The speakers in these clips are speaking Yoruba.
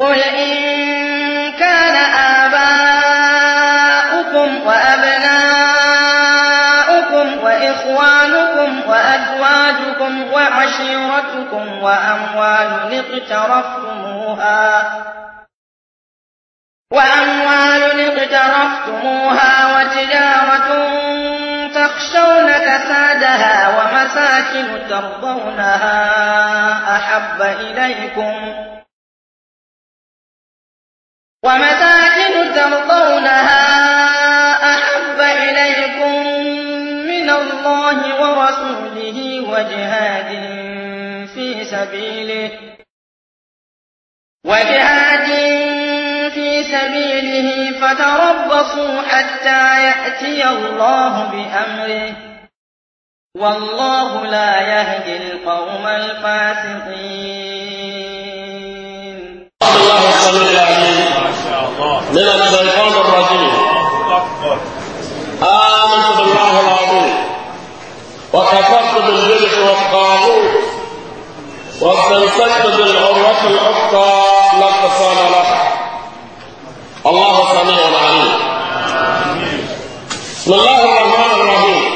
قُلْ إِن كَانَ آبَاؤُكُمْ وَأَبْنَاؤُكُمْ وَإِخْوَانُكُمْ وَأَزْوَاجُكُمْ وَعَشِيرَتُكُمْ وَأَمْوَالٌ اقْتَرَفْتُمُوهَا وَتِجَارَةٌ تَخْشَوْنَ كَسَادَهَا وَمَسَاكِنُ تَرْضَوْنَهَا أَحَبَّ إِلَيْكُم ومساكن ترضونها أحب إليكم من الله ورسوله وجهاد في سبيله وجهاد في سبيله فتربصوا حتى يأتي الله بأمره والله لا يهدي القوم الفاسقين من الشيطان الرجيم آمنت بالله العظيم وكفرت بالجلد والطاغوت واستمسكت بالعروة العقى لا اتصال لها الله سميع عليم بسم الله الرحمن الرحيم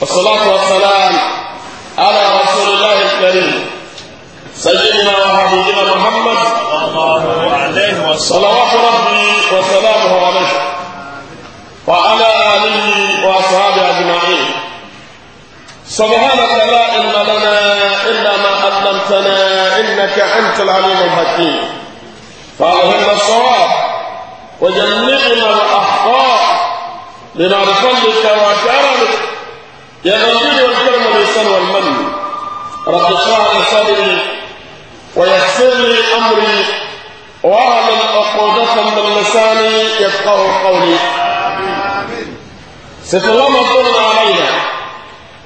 والصلاة والسلام سبحانك لا علم لنا إلا ما علمتنا إنك أنت العليم الحكيم فألهمنا الصواب وجنبنا الأخطاء لنار فضلك وكرمك يا غفير والكرم والإحسان والمن رب اشرح لي صدري ويسر لي أمري وأعلم عقودة من لساني يفقه قولي ست الله مطلنا عليه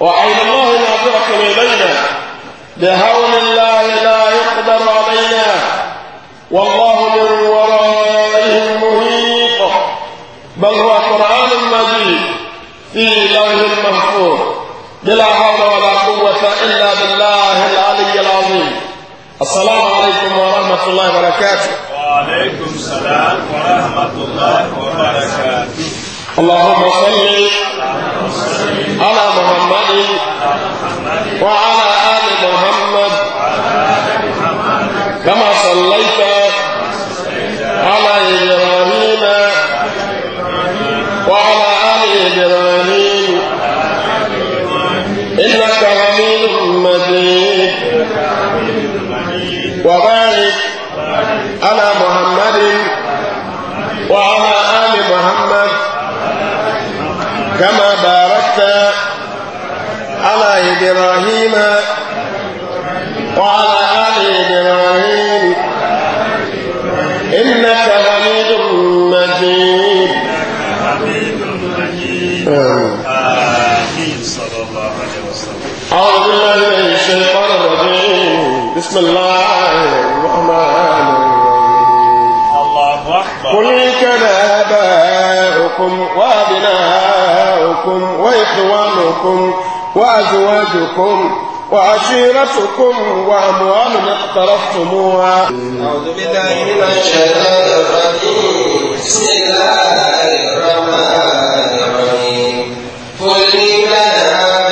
وعين الله ناظرة إلينا بهون الله لا يقدر علينا والله من ورائهم مهيط بل هو قرآن مجيد في لوح محفوظ بلا حول ولا قوة إلا بالله العلي العظيم السلام عليكم ورحمة الله وبركاته وعليكم السلام ورحمة الله وبركاته اللهم صل على محمد وعلى آل محمد كما صليت آباؤكم وأبناؤكم وإخوانكم وأزواجكم وعشيرتكم وأموال اقترفتموها أعوذ بالله من الشيطان الرجيم بسم الله الرحمن الرحيم قل لمن آمن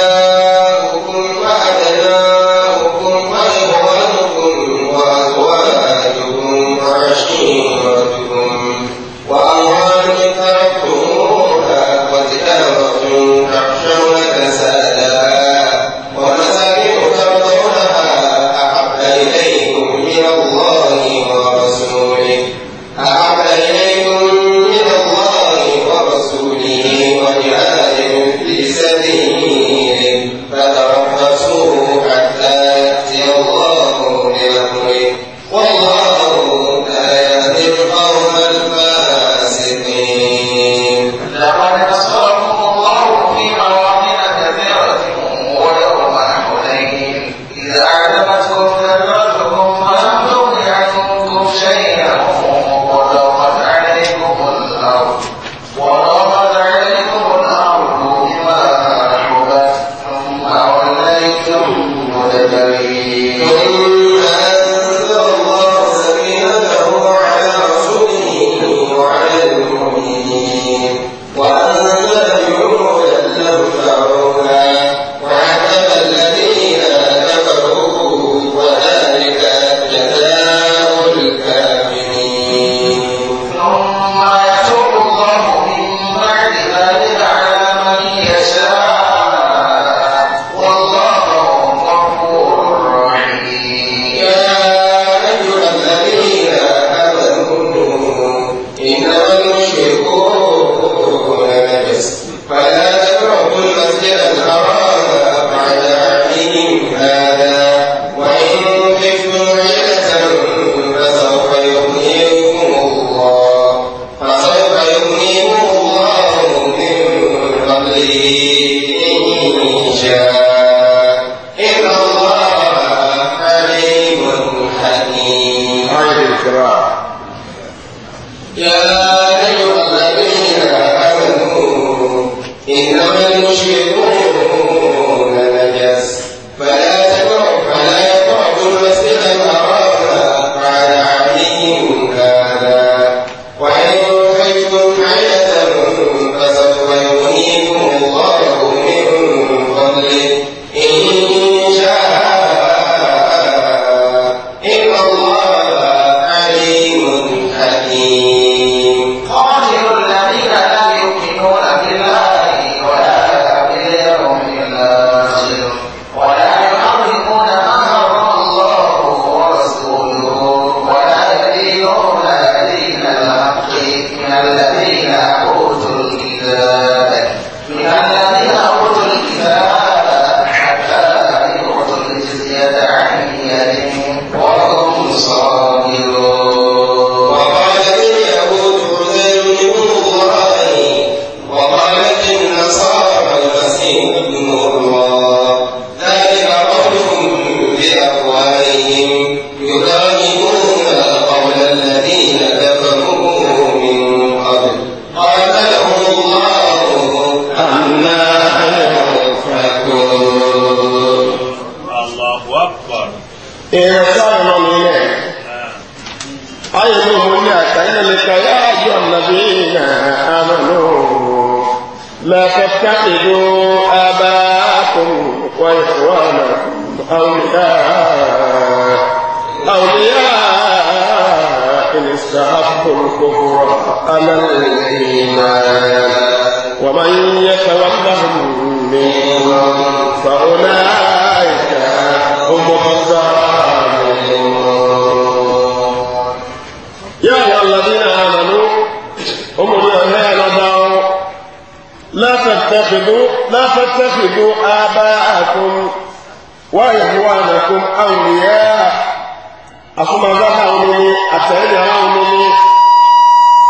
asuma zaha onini atɛnyara onini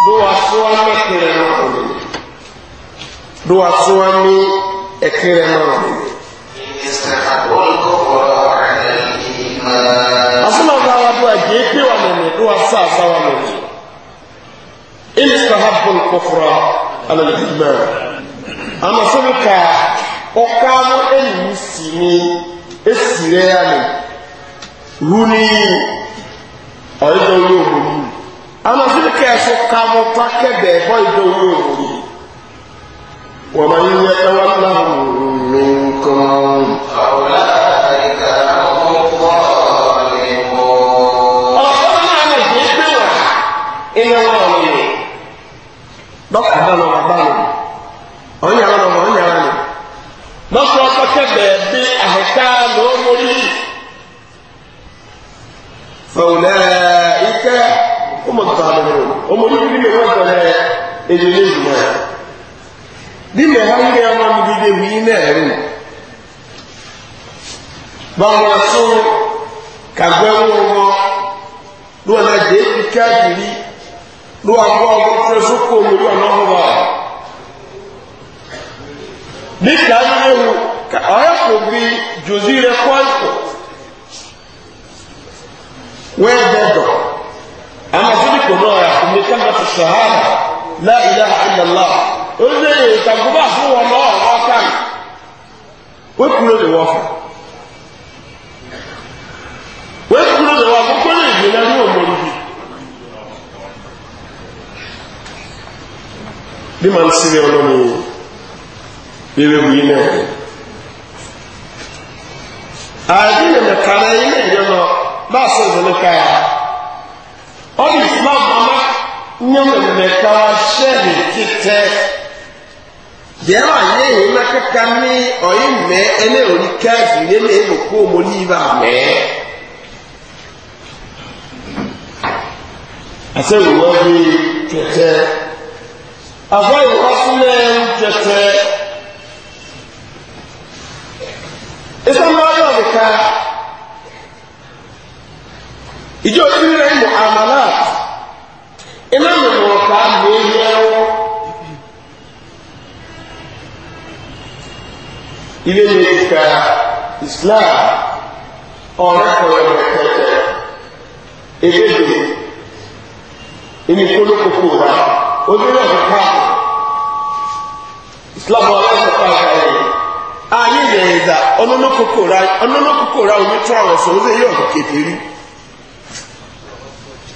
do wasoa mi kiri na onini do wasoa mi ekiri na onini. asuma zaha do a jee pe wa mene do wasa asa wa mene istahabul kofra alal iman ama sori ka ɔkaa no si ni ya ni wuni ọ̀yẹ́dọ̀ owó òmòrì àwọn ọ̀sìn kẹsùn kàmú pákẹ́bẹ̀ ẹ̀kọ́ ìdọ̀ owó òmòrì wọ́n máa ń yẹ ẹwà láwọn mi nǹkan. dɔkta balo wa balo ɔnyɛ ọmọ ìtàlẹ̀rẹ̀ ọmọ onígbìmẹ̀ wọ́n tẹ̀lẹ̀ èdè lẹ́yìnmọ̀ ẹ̀ nílẹ̀ ha ilẹ̀ ọmọ nígbìdé wí nẹ́ẹ̀rù báwọn fún kàgbẹ́wò wọn ló wà láti èyí káàkiri ló wà bọ́ ọmọ fẹ́ sókò omi ló wà lọ́wọ́ wa ní kàgbẹ́wò ọ̀rẹ́kùnrin jòzí rẹ̀ kọ́ ẹ̀kọ́ wẹ́ẹ̀dẹ̀dọ̀ أما فيك نوع من كلمة الشهادة لا إله إلا الله إذا تقبع هو الله وكان وكل الوفاء وكل الوفاء كل من اليوم مريد لمن سيري ولمي بيبي بينا أدين الكلام يجمع ما سيري الكلام ɔdi islam ama nyɔmɛmɛka hyɛ ne titɛ deɛ ayɛ yi na keka ne ɔyɛ mɛɛ ɛne ɔni kaafi ne ne ɛna kɔɔ mo ni ba mɛɛ asɛ wura bi tɛtɛ afa yi wa funɛ tɛtɛ esan maa yɛ ɔdi ìjọ ìrìnrìn mọ̀ àmàlà iná mọ̀ ọ̀pá mẹ́rin ẹ̀rọ ilé ìrìnkà islam ọ̀rẹ́ kọ̀ọ̀rẹ́ kẹtẹ ebédè èmi kólókòkò rà ojúlọ̀ ọ̀pá islam ọ̀rẹ́ kọ̀ọ̀pá rẹ̀ ayé ìrẹ̀ ìdá ọlọ́lọ́kòkò rà onítúràwọ̀sọ̀ ó lè yọ̀ kékeré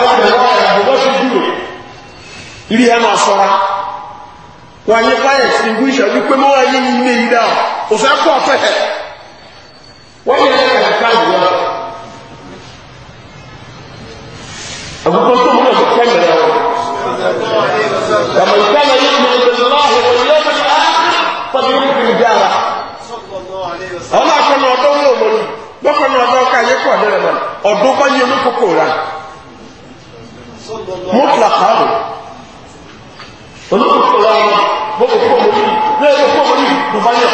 alábẹ̀rẹ̀ wà yà bọ́ sí dúró ilé ẹ̀ máa sọ́ra wà yẹ fáyẹ̀ sí ìwé ìṣẹ́jú pé mọ́ wáyé ní ilé yìí dáa kò fẹ́ pọ̀ fẹ́fẹ́ wọ́n yẹ ẹ̀ ká ìwé ọ̀ àgùkọ́ tó múlò kò fẹ́ mẹ́rẹ̀ ọ̀ kàmọ̀ ìkànnì yìí mọ̀ ìgbésẹ̀ láàrú ìwé ìgbésẹ̀ pàdé ìwé ìgbésẹ̀ ọlọ́ọ̀kọ́ ni ọdọ́ wúlò mọ́ni lọ́kọ́ ni ọdọ́ ọkọ̀ ayé kọ̀ ọ̀dọ́ rẹ̀ mọ́ni ọdún bá yẹ mú kókó rà mọ́tàkà rẹ̀ olóòkú wa wọn bọ́bọ̀ fún ọmọ yìí lẹ́yìn fún ọmọ yìí ló bá yẹ.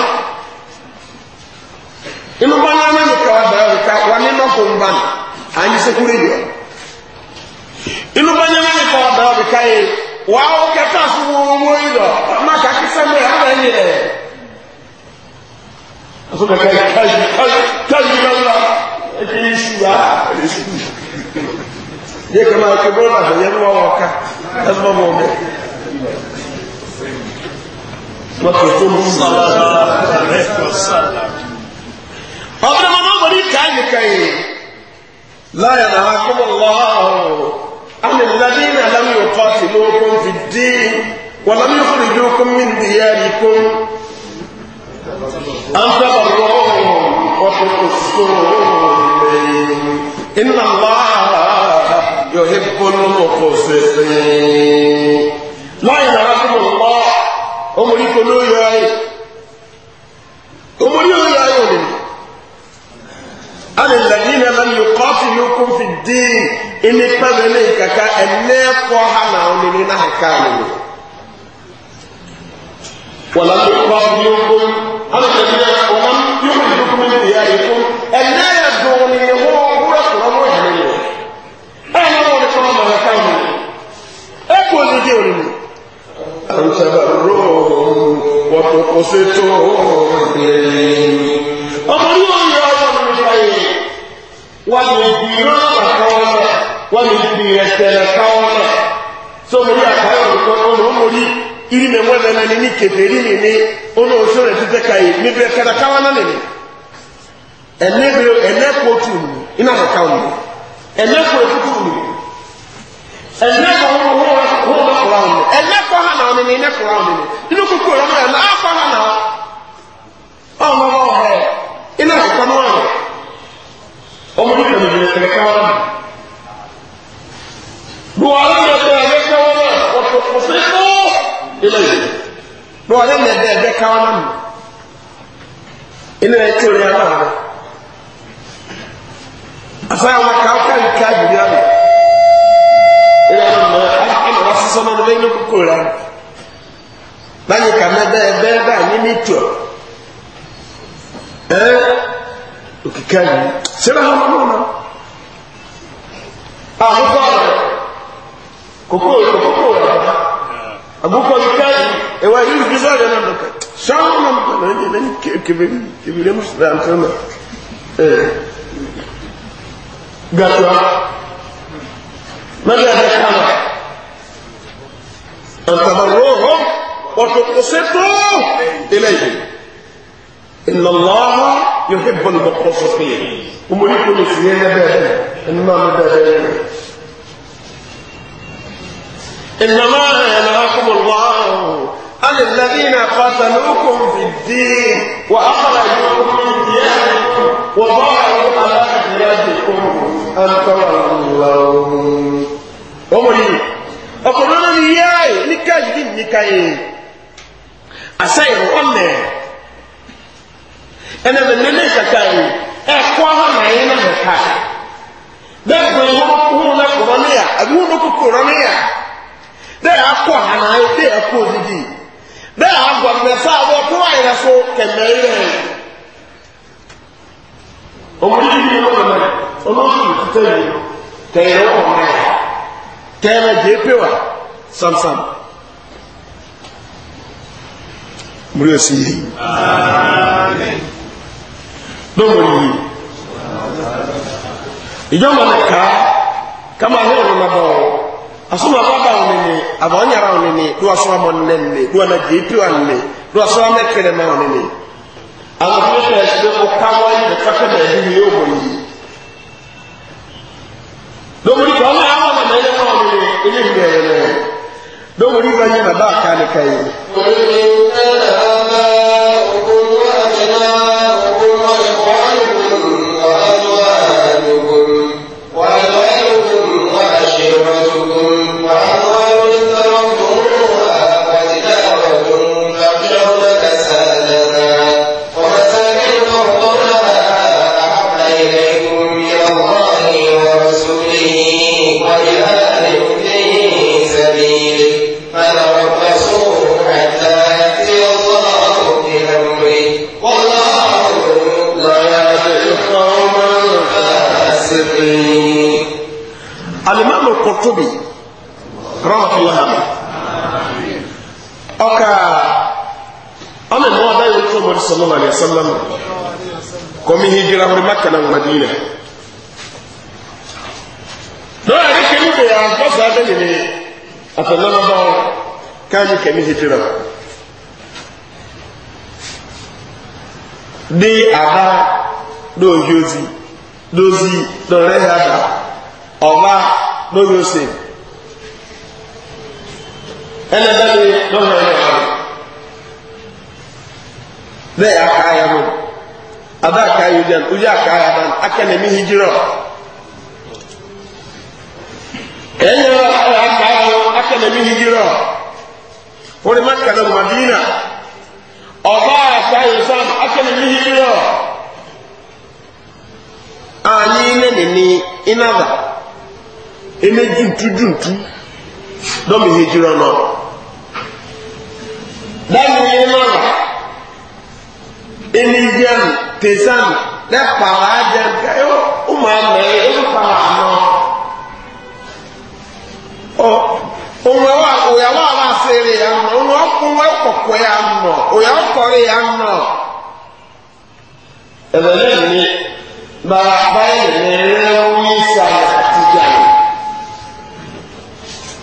inú bá yẹ wọn nìkan wà bẹ̀rẹ̀ nìkan wà ní nọ́ọ̀kù ń bá mi à ń sẹ́kú rédíò. inú bá yẹ wọn nìkan wà bẹ̀rẹ̀ nìkan yìí wà á kẹta fún wọn wọn yìí lọ má kà kí sẹ́mi ẹ̀ ẹ̀ yẹ. àtúntò kẹ́kẹ́ káyì káyì káyì lọ́wọ́ ẹ̀ kì í ṣùgbọ́n ẹ̀ ṣùgbọ́n yẹ kama ake bọ́lá àgbà yẹn wà wọ́ọ̀ká ẹnu mọ́ mọ́ mẹ́. Mọ̀tò tó mú mi. Ọ̀bùnà mọ̀ mọ̀ ní káyì káyì. Láyà nà ha kọ́ bọ̀ lọ́wọ́. Àmì ìlàdí nà lámì òkọ́ ti lókun fi dé. Wà lámì òkúrò ìdí okun mi nìyí yá ni kún. Àǹfà bàbá wọ́n wọ́n tó kò sóòrò lẹ́yìn. Iná wàá. يحب المقسطين لا يرحم الله أمري كلو ياي أمري ياي أنا الذين لم يقاتلوكم في الدين إن اتبنيك كأنيقوا حنا ومنين حكامي ولم يقاتلوكم أنا الذين ومن يخرجكم من دياركم أن لا يدعوني iri mɛ ŋmɛmɛ na nini kebeli nini ɔno osu na tete ka yi mi bɛ kɛra kawa na nini ɛnɛ bi ɛnɛ kɔ tu mu ina ma ka mu ɛnɛ kɔ etutu mu ɛnɛ kɔ ho ho ho ho kura mu ɛnɛ kɔ ha na ɔmo ni ɛnɛ kura ɔmo ni inu kuku ɔmo yɛ na akɔ ha na ɔmo ɔmo ɔmo ina ma ka mu ɔmo bọ́ọ̀lẹ́ lẹ́dẹ́ ẹgbẹ́ káwọn náà mọ̀ inú ẹ̀ tí orí ẹ̀rọ rẹ̀ àsáyàwó káwọn káwọn ká ìbìrì àmì ilẹ̀ ẹ̀rọ mọ̀ ẹ̀rọ wá sísọ náà lórí inú kókó rẹ̀ láyé ká mẹ́bẹ́ ẹgbẹ́ ẹgbẹ́ àní ní tùọ̀ ẹ̀ òkìkà yìí sẹ́rẹ̀ hàn mọ́ náà àwọn kókó rẹ̀ kókó rẹ̀ agukọ nkae ewa yi nkisa yɛ na ndoka sáwọn na ndoka na nye na nye kebe kebire mu sira nsa na ee gatua mɛlɛ yɛ kama antabaro hɔ wɔtɔ kose tó ilé yi inna allaha yohe bɔlbɔ kɔsɔ fi yi wɔn yi ko ne fi yɛ yɛ bɛɛ mi bɛɛ bɛɛ yɛ. إنما ينهاكم الله عن الذين قاتلوكم في الدين وأخرجوكم من دياركم وظاهروا على أحياتكم أن تولوهم ومري أقول لنا إياي نكاجدين نكاي أسير أمي أنا من نليس كاي أخواها معينا مكاي لكن هو نقرانيا أقول لكم قرانيا bẹ́ẹ̀ akọ àná bẹ́ẹ̀ akọ òdìdí bẹ́ẹ̀ agbọ̀nmẹ́fà wọ́n tó àyẹ̀rẹ́ so kẹ̀mẹ́rẹ́ ọmọdé yìí ló lọ mẹ olóṣù títẹ yìí tẹyẹ ọmọ mẹ tẹyẹ jẹ pé wa samsam múlò sí yìí lọ́wọ́ yìí ìjọba ní ká kama ní ọ̀rọ̀ nàbọ̀ ọ̀rọ̀ asoma baba onene abawanyara onene do asoma mɔnene do anagyeepi onene do asoma mɛkɛnɛma onene azɔfo fɛ ɛsɛ ko kawa yi bɛtwa kɛ baabi mi yɛ wɔn yi domori kɔ ɔmo awa na mɛlɛ ma onene ɛnyɛ mi bɛyɛ nɛ domori ba yi na ba aka ne ka yi. kutubi rahmatullahi alayhi ọkà ọmọ ìmọ̀ ọ̀dá yóò tó mọ̀rí sọlọ́mà ní ẹ̀sọ́lọ́mà kọ́mí hijira hori maka na madina náà rí kìíní bèèrè àgbọ́sà abẹ́lẹ̀ ní àfẹ́lọ́lọ́bọ̀ káàmì kẹ́mí hijira dé àbá dóòjì ozi dóòzì lọ́rẹ́ yàdà ọ̀bá no yosef ɛna dade no hɛn no hɛn bɛɛ yɛ akaaya no ada ụdị odiyan aka akaaya dan aka na mi hijira ɛnyɛ akaaya no aka na mi hijira wɔde maka kala madina ɔba akaaya san aka na mi hijira anyi ne ne ni eme duntu dɔmi hejira nɔ dami yɛ nɔra eni yɛn tesan dɛ kpara adzɛ nka yɔ ɔma mɛ ebi kpara nɔ ɔ ɔmɛ wa ɔya wa ba seere ya nɔ ɔmɛ ɔkɔmɛ kɔkɔ ya nɔ ɔya ɔkɔri ya nɔ ɛbɛ ni ba ba yɛ lɛ lɛ wɔn sa.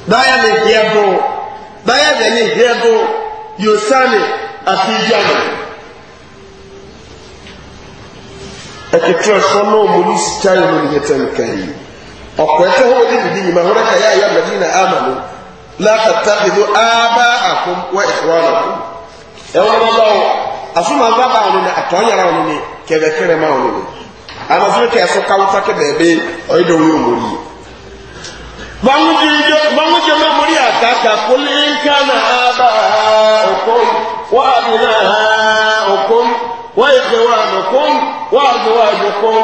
báyà lè hìẹ́ bò báyà lè ní hìẹ́ bò yóò sáni àti ìjọba. ɛtutu ni sika yɛ mo kɛyɛ ayɛ na ama no lakata edo aba akom wɔ ɛfura na kom ɛwɔ no ba wɔ asoma ba ba ne atɔnyara ɔno ne kɛbɛkɛrɛ ma ɔno ne anaso ka ɛso kawota kɛ ɔyɛ dɛ bamuje mamuri akaka kuli kana abaukum wa abnaukum wa ikhwanukum wa azwajukum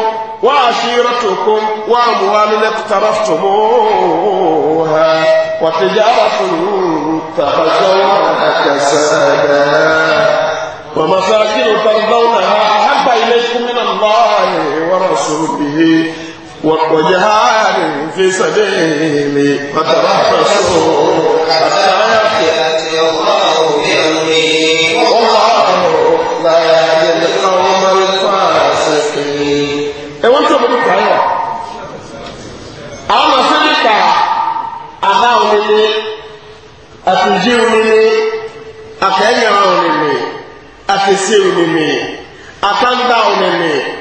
wa ashiratukum wa amwalun iqtaraftumuha wa tijaratun takhshawna na ومساكن ترضونها أحب إليكم من الله ورسوله وجهاد في سبيلي فتربصوا حتى يأتي الله بأمره والله لا يهدي القوم الفاسقين. إيه وأنت بدك أيوه. أنا سيدك أنا أولي أتجي أولي أكأني أولي أتسي أولي أتندى أولي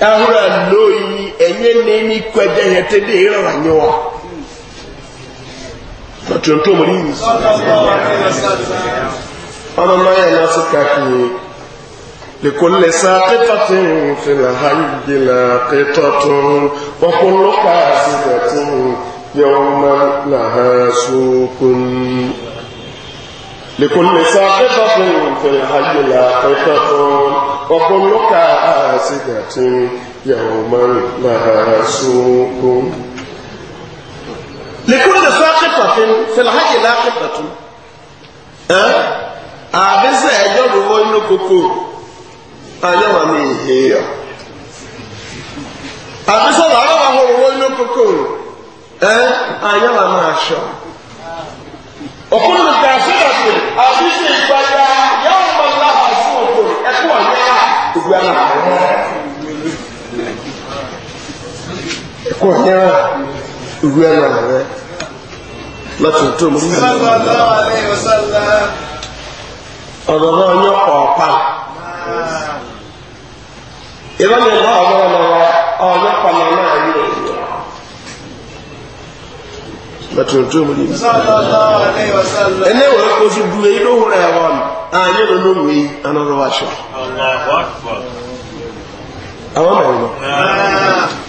ahura loyi enye nini kwede hete de ira wanyoa matonto muri ana ma ya nasu kaki لكل ساقطة في الحي لاقطة وكل قاصدة يوما لها سوق لكل ساقطة في الحي لاقطة وكل كاسدة يوما مسوق لكل ساقطة في الحج لاقطة أه؟ àbísẹ̀ ẹjọ́ ló wọ́n inú kókó ayọ́wà ní ìhè yà àbísẹ̀ làwọn àwọn òwò inú kókó ẹ ayọ́wà máa ṣọ. ọkùnrin kan síbàtì àbísẹ̀ ìgbàgbà kó hẹ́rà ìwé ẹ̀rọ rẹ̀ lọ́tún tó mú mi. ọ̀rọ̀ náà yọ ọ̀pá. ìrọ̀lẹ́ náà ọ̀rọ̀ lọ́wọ́ ọ̀rọ̀ pàmò náà yọ ìwé. lọ́tún tó mú mi. ẹnẹ́ wọ́n kó sí bu èyí ló hùrẹ̀ ẹ̀wọ̀n ààyè ló ló wù yí anọ́rọ̀ wáṣọ. àwọn mẹ́rin náà.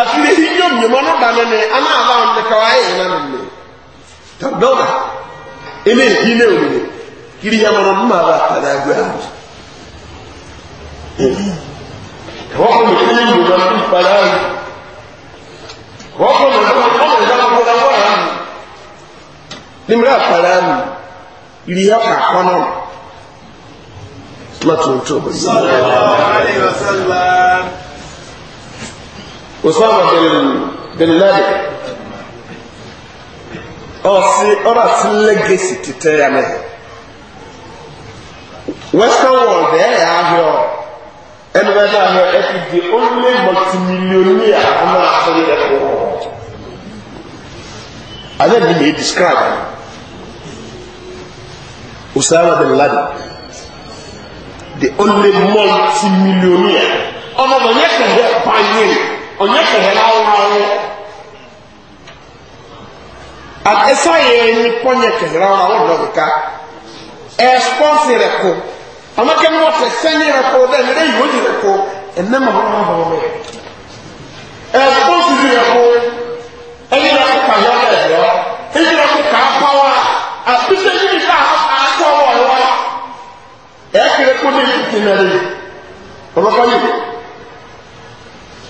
afiri hi nyom nyom ɔno ba ne ne ana aba ɔno ne kawa ayɛ ɛna ne ne tabdɔba ɛna ehi ne omi ne kiri ya mɔrɔ mu ma ba akpada agu ahu ɛwɔ kɔ mi kiri mu ma mu akpada ahu ɛwɔ kɔ mi kɔ mi kɔ mi kɔ mi kɔ mi ahu ne mu akpada ahu kiri ya ka kɔ nɔ ma tuntun bɛ yi osama bin laden ɔsi ɔba si legacy titɛ ya mɛ western world ɛyɛ yɛ ahwɛ ɛnu bɛ yɛ ahwɛ ɛti di only multimillionaire ɔmo asɔre yɛ kɔ ale bi na describe. osama bin laden the only multimillionaire ɔmo bɛ yɛ kɛlɛ panyin onye kehe na awụrụ awụ esa ya enyi ponye kehe na awụrụ awụ dọdị ka esponsi rekụ amaka nwa ọsọ senyi rekụ dị mere yi oji rekụ ene ma ọrụ ahụ e e e ọrụ esponsi dị rekụ enyi rekụ ka ya ọrụ ẹdọ enyi rekụ ka akpawa apịsị enyi ka akpawa ọrụ ẹkere kụ dị ikuku mere ọrụ ọrụ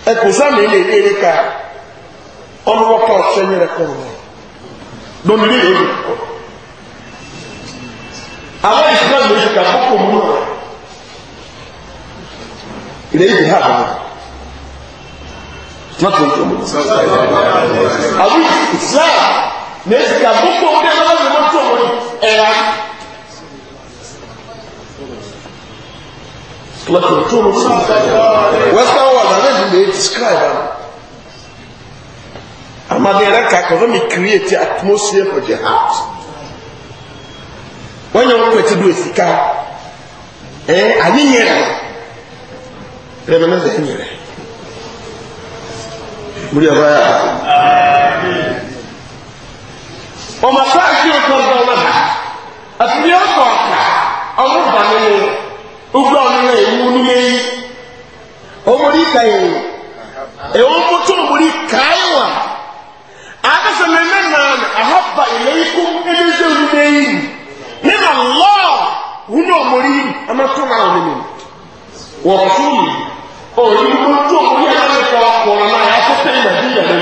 ɛkusa mi le ele ka ɔnu wɔtɔ ɔsɛ nyɛ ɛkɔ wɔ lɔnu mi yɛ ɛkɔ awo ìsúná mi yɛ ka kɔkɔ mu nɔ ilé yìí ha bɔ tí wọn tó ń tó mu awo ìsúná mi yɛ ka kɔkɔ mu kí ɛna wọn tó mu ɛra tí wọn tó ń tó mu wɛsán wà lọ dey describe am amadere kaka don be create atmosphere for the heart wọn yẹ wọn pẹtẹ do esika ẹ ani nyere rẹmi náà dẹ nyere múlí ọba yà ọmọ sáàsì ọkọ ọgbà ọmọ ha àti bí ọkọ ọkà ọmọ bàmí ni ọgbà ọmọ náà ewu nílé yìí. kayi ewu mutu omuri kayi wa akasa nene nane ahaba ileikum ebeze onumeyi nina allah wuna omuri amatu na onimi wɔrɔsuli oyi mutu omuri anamika na yaso pe nadiya ha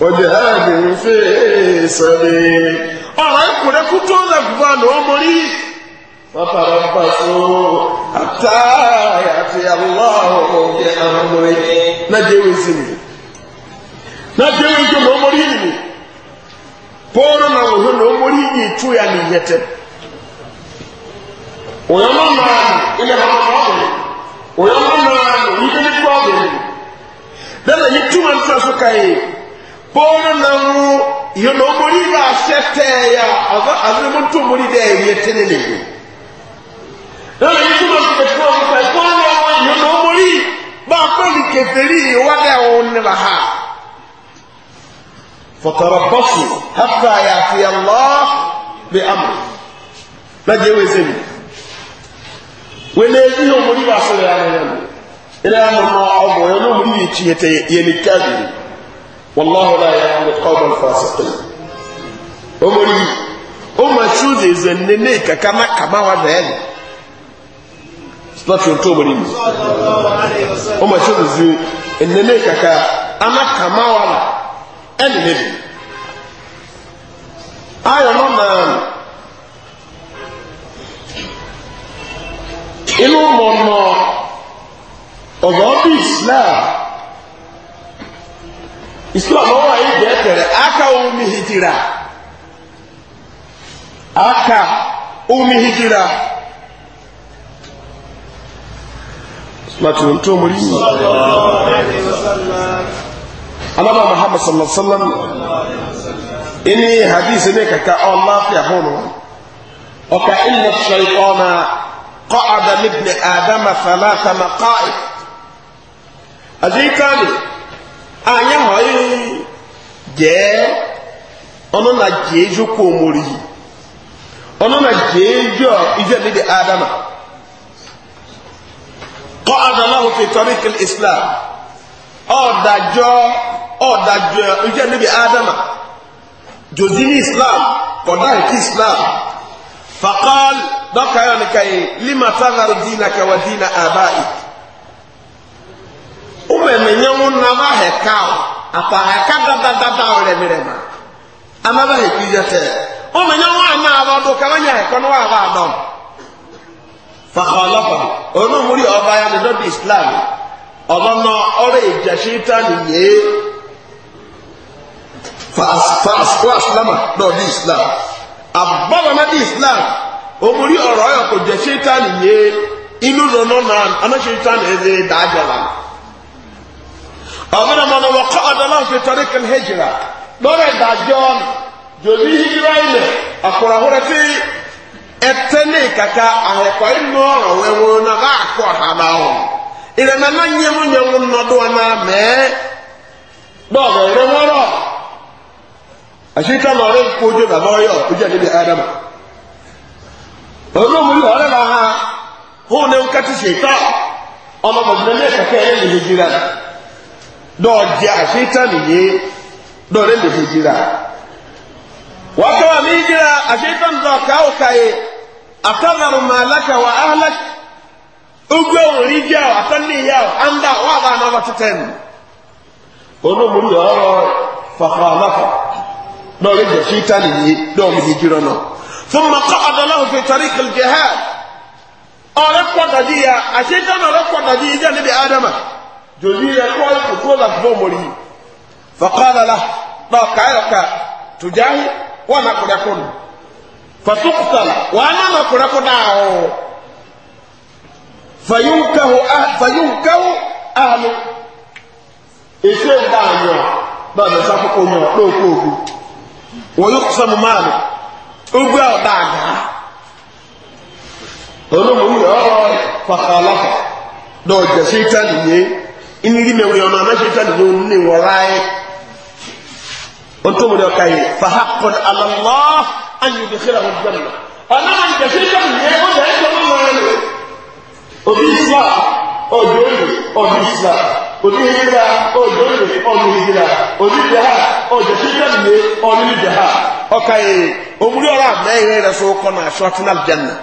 ɔjihadi fi sabi ɔrɔ ekure kutu ɔna guba na وتربصوا حتى يأتي الله بأمره نجوزني نجوز الأمرين poro na wo hono omori yi tu ya ni yete oyo no na ile ba ko oyo no na ni ni ko be dana yi tu an sa so kai poro na wo yo no omori ba sete ya azu azu mun tu omori de yete ne ne lọ́nà yìí túmọ̀ sí a ha. fọ̀tọ̀rọ̀ bọ́sù hẹ́fà àyàfi ọ̀lọ́ bí Na lọ́jọ́ ìwé sẹ́mi. ihe ní ọmọ yìí wà sọ̀rọ̀ yàrá yẹn ilé ọmọ ọmọ yẹn láti ohun tó wọ́n ní wọ́n mọ̀ ṣe kò sí ẹ̀nẹ́lẹ́ kàkà anákàmáwàlà ẹni níbi ayọ̀ náà náà inú mọ̀nà ọ̀gá ọdún islam islam ọwọ́ ayé jẹ́ tẹ̀rẹ̀ aka omi hijira aka omi hijira. láti ohun tó mú rí ní muhammad sallallahu alaihi wasallam ini hadith ne kaka allah fi ahunu oka inna shaytana qa'ada ibn adam thalatha maqa'id azikani anya hoyi je ono na jeju ko mori ono na jeju ije ni adam قعد له في طريق الإسلام أدجو أدجو يجي نبي آدم جوزين إسلام قدائك إسلام فقال دوكا يعني لما تغر دينك ودين آبائك ume menyewo nama hekao apa heka dadadada olemirema amaba hekijete umenyewo ana abado kabanya hekono abadom fàkàlọ́fà onúmúrí ọba ayánidọ́dọ̀ islam ọlọ́nà ọrọ̀ ìjà ṣítàní yé fàásùlámà lọ́dọ̀ islam àbọ̀lọ́mọdé islam omúrí ọ̀rọ̀ ọ̀yọ̀ kò jẹ́ ṣítàní yé inú lọ́nà náà anáṣítàní ẹ̀dẹ̀ dájọ́lá ọ̀gbọ́n ọmọdé wọ́n kọ́ ọ̀dọ́lọ́hùn fi tọ́rí kan hejira lọ́rọ̀ ìdájọ́ jòlí híráìlẹ̀ àkùràhùrẹ́ tí ɛtɛne kaka ahɛkɔ inu ɔrɔ wɛwo na baakɔ na hɔ ìrẹ̀nà náà nyẹ́mu nyẹ́mu nọdún wọn náà mẹ́ẹ́ bọ́ọ̀lù ìrẹ̀wọ́rọ̀ àṣìkà lọ́rẹ́ kojú bàbá ọyọ kojú ẹ̀dẹ́bí ádámà olóòmù ọrụ ọ̀rẹ́ náà ha hóun ní nkàtí ṣètọ́ ọmọ ní ẹ̀kẹ́kẹ́ ẹ̀ lè dọ̀ọ̀jẹ̀ àṣìkà dọ̀ọ̀rẹ́ wọ́n kọ́ wa mí àṣìkà ń atadharu malaka wa ahlak ogbe òrì jẹ ọ atọ́ni ìyá ọ anda wà bá anáwó títẹ nù olómùrí ọrọ fàfà aláfà lọrí jẹ sí italy yìí lọmi hijira náà fún makọ adalahu fi tari kìlìjẹhẹ ọrẹ kọdàdí ya àṣetán ọrẹ kọdàdí yìí jẹ níbi adama jòlí yẹ kọ kókó láti bọ mọrí fàkọ àlàlà náà káyọkà tùjáhì wọn àkùdàkùn. فتقتل وانا ما قرق داو فينكه أهل فينكه أهل إشين دانيو بعد سافو كونيو لو كوكو ويقسم ماله أبغى داغا olóòwò yọ ọ fàkàlàfà dọ̀jà ṣètà nìyẹn inú mẹwìrì ọmọ àmà ṣètà nìyẹn òun ní wọ́n ráyé ó ọkà yìí fàhàkùn alàlọ́ọ̀ an yi dukira wa janna ana man da shi kan ne ko da yake mun ma ne obi islam ojo ni obi islam obi hijira ojo ni obi hijira obi jaha ojo shi kan ne obi jaha okay omuri ora abne re so ko na shortin al janna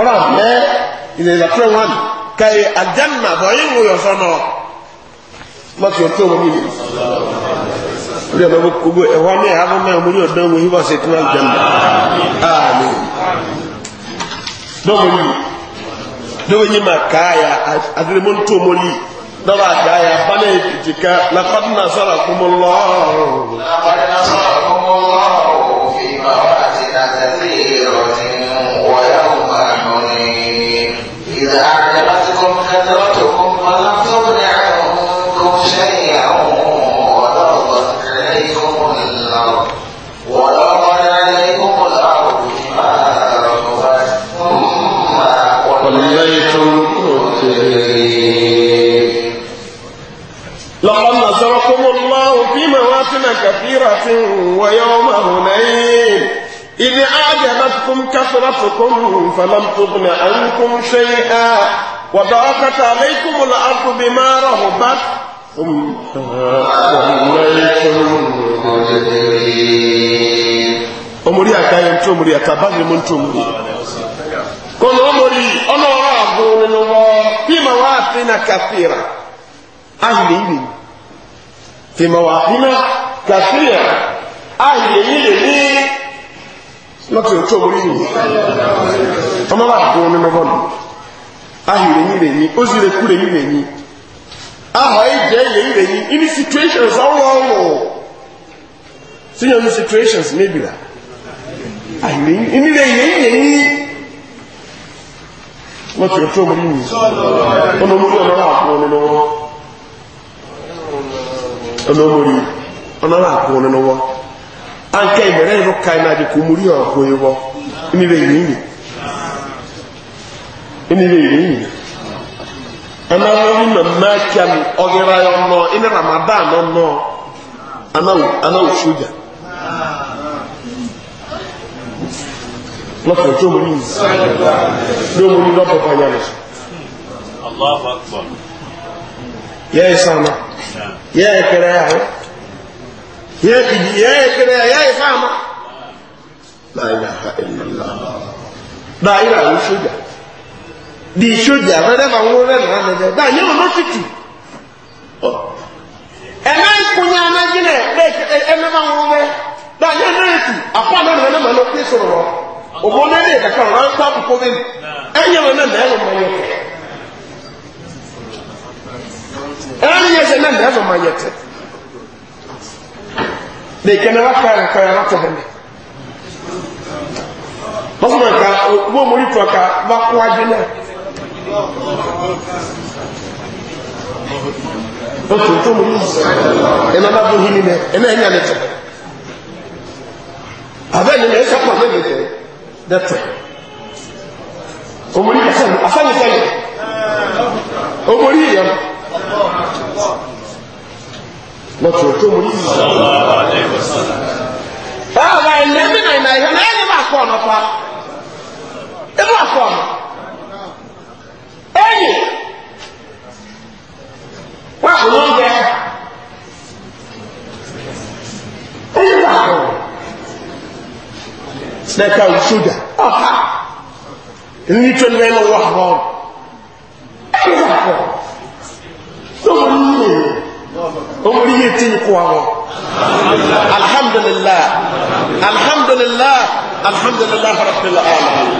ora abne ile la tre one kai al janna boyin wo yo sono mo ti o to mo ni lórí ọ̀nà gbogbo ẹ̀wà ní àwọn mẹ́rin mú ní ọ̀dọ́ mú yíwá sí ìtura ìjẹun ààmì lọ́wọ́ yìí máa káàyà àdìrẹ́mọ́ tó mọ́ ní lọ́wọ́ àkáyà bánẹ̀ ìtìká lápátínà sára kún mọ́ lọ́rùn إذا كثيرة ويوم هنين إذ أعجبتكم كثرتكم فلم تغن عنكم شيئا وضاقت عليكم الأرض بما رهبت ثم وليتم أمري أكاين تومري أكابالي من تومري كن أمري أنا أراه الله في مواتنا كثيرة أهلي في مواطن kàfíà ààyè yìí lè ní lọ́tí òtú òmúrí yìí ọmọ bá kó ní mọ́bọ́ nù ààyè lè ní lè ní ó sì lè kú lè ní lè ní àhọ̀ ìjẹ́ lè ní lè ní inú situations ọ̀rọ̀ ọ̀rọ̀ senior new situations maybe la ààyè lè ní inú lè ní lè ní lọ́tí òtú òmúrí yìí ọmọ òmúrí ọ̀rọ̀ àkó ní mọ́bọ́ ọmọ òmúrí yìí ọlọ́rọ̀ àkóhun nínú wọ́ anka ìbẹ̀rẹ̀ ìlú ka iná di kò múrí ọ̀hún ìwọ́ níbẹ̀ yìí níbẹ̀ yìí ẹnà wọn nà mẹ́kẹ́ ọ̀gẹ́rẹ́ ọ̀nà ilẹ̀ ramadan ọ̀nà anáwó sójà lọ́pọ̀ tó mú yìí ló mú yìí lọ́pọ̀ fanyá lọ. yẹ́ ẹ sànà yẹ́ ẹ kẹrẹ yà wọ́n yẹ́kìdì yẹ́kìdì ẹ̀yẹ́ ìfáàmà láìláha ìlàlá dáìlà àwọn sójà di sójà rẹ́rẹ́ máa wọ́n rẹ́ nàá lẹ́jẹ́ dáà yẹ́wò ló ti tù ẹ̀mẹ́ ìkúnyà anájínà ẹ̀mẹ́ máa wọ́n rẹ́ dáà yẹ́wò ló ti tù àpá náà rẹ́rẹ́ máa ló pín sọ̀rọ̀ rọ òbó lẹ́rẹ́ ìdàkà rọ̀ ń pa kókó bẹ́ẹ̀ ẹ̀yẹ́ wọn náà lẹ́rọ máa yẹ tẹ̀ ẹ̀rọ lekene bakara kaya batahene basoma ka bo muri twaka bakwajina otuntu muri ena babu hinine ena enya lete abene ne esa kwa o dete omuri kasan afanye sele omuri o Allah Allah lọ́tọ̀ tó mú ní. Báwa ẹ̀nà ẹ̀mí náà ìnà ìhẹ́ náà ẹ̀mí máa kọ́ ọ̀nà pa. Ẹ̀mí kọ́ ọ̀nà. Ẹ̀yìn wà kò ló ń Ẹ̀yìn máa kọ̀. Sẹ́ka ò ọ̀ha. Ní tó ní ẹ̀mí wà bọ̀. Ẹ̀yìn máa kọ̀. Tó mú ní omori yìí tí ń kó àwọn alhamdulillah alhamdulillah alhamdulillah rabbil alamin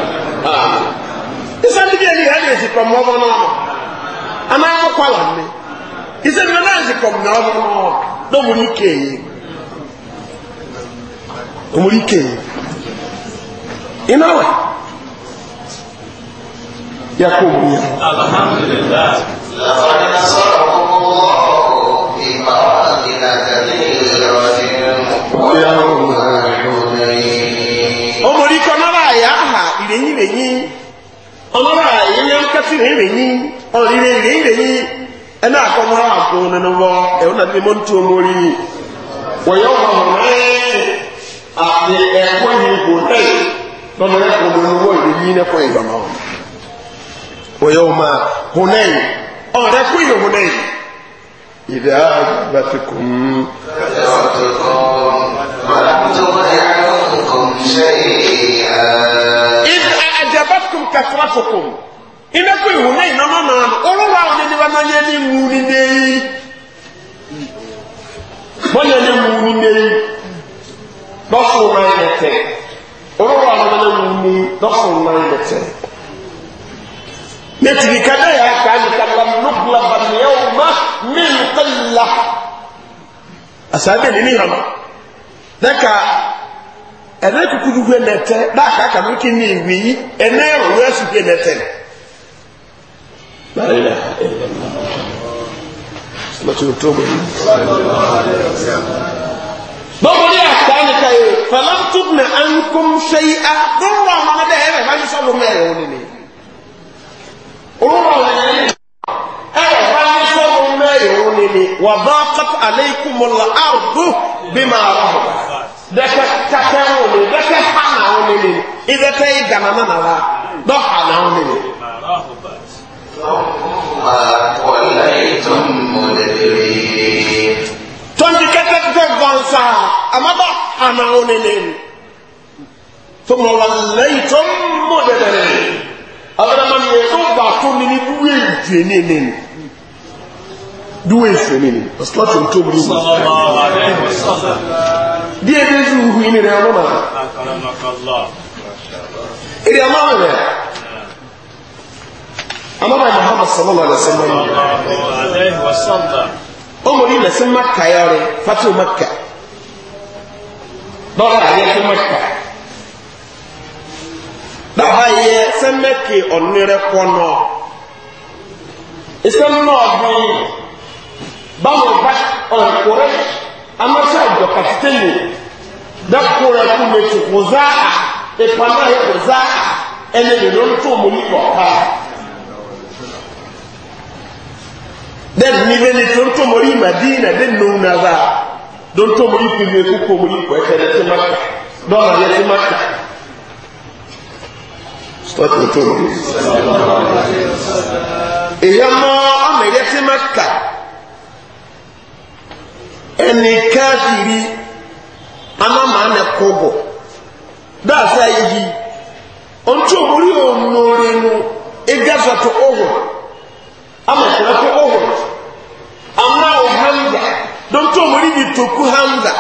isandi bi ẹni ẹni èsì pọ̀ mọ́ ọ́bọ̀n náà àmà akọ́kọ́ àlà mi isandi bi ẹni èsì pọ̀ mọ́ ọ́bọ̀n náà lọ́mọrí kéèyè omori kéèyè iná wẹ̀ yà kó omi yà. alhamdulillah omori kɔ nara aya aha irenyi renyi ɔnara aya nye nkasi re renyi ɔrire ire renyi ɛna akɔ nara ako nínú wɔ ɛwɔ na de mo ntu omori wɔyɛ ɔmɔ إذا أعجبتكم ولم تغني عنكم شيئا إذ أعجبتكم كثرتكم إنكم هنا إنما نعم أولوا أولين وما يلمون دي ما يلمون دي نصر ما يلتين أولوا أولين وما يلمون نصر ما يلتين نتبكى لا يا كان min qilla asabe ni ni hama daka ene kukudu gwe nete daka ka miki ni wi ene owe su gwe nete la ilaha illallah salatu tobo bọ́bọ̀ ní àtàní káyé falamtub na ankum ṣayá gbọ́nwó àwọn ọmọdé ẹ̀rẹ̀ bá ní sọ́dún mẹ́rin òní ni. orúkọ òní ni ẹ̀rẹ̀ bá ní sọ́dún òun ni ni wà bá kọ́tà aléìkú mọ́lá àrùkú bí máa rọ̀ dẹ́kẹ́ kàkẹ́ òun ni dẹ́kẹ́ hà náà òun ni ni ìdẹ́kẹ́ ìdàmà náà nàlá dọ́hà náà òun ni kẹ́kẹ́ kẹ́kẹ́ gbọ́nsá àmọ́bà hà náà òun ni lẹ́yìn tó ń mọ̀ dẹ́dẹ́rẹ́ àwọn ọmọ mi tó gbà tó ní ní búwé ìjù duwe isini ni wasilatu mtumu ni diye dezu uhu ini ni amona ili amona ne amona muhammad sallallahu alaihi wasallam omo ni na sin makka yare fatu makka dɔwɔrɔ a yɛ sin makka dɔwɔrɔ a yɛ sin makka ɔnirɛ kɔnɔ isan nɔɔ bi báwo bá ọ̀rẹ́kùnrin amáṣẹ́ àjọ kàtítẹ́yìn dákùnrin kú méjì kò zá ìpamọ́ yẹ kò zá ẹni lèrò ń tó mọ́ nípa ọ̀pá dẹ́n níbẹ̀ ni tó ń tó madina rí màdínà dẹ́n ló ń nàzá ló ń tó mọ́ rí pèlú ẹkú kó mọ́ rí pọ̀ ẹ̀kẹ́ lẹ́tí máka dọ́là lẹ́tí máka. èyí mọ́ ọmọ ẹ̀yẹ́tí máka. ẹni káfìrí amámanẹ kọbọ dáàfẹ ayéyi ọtún orí ònòrè nu egasa tó ọwọ amasira tó ọwọ amá o hamza dọtún orí bi tóku hamza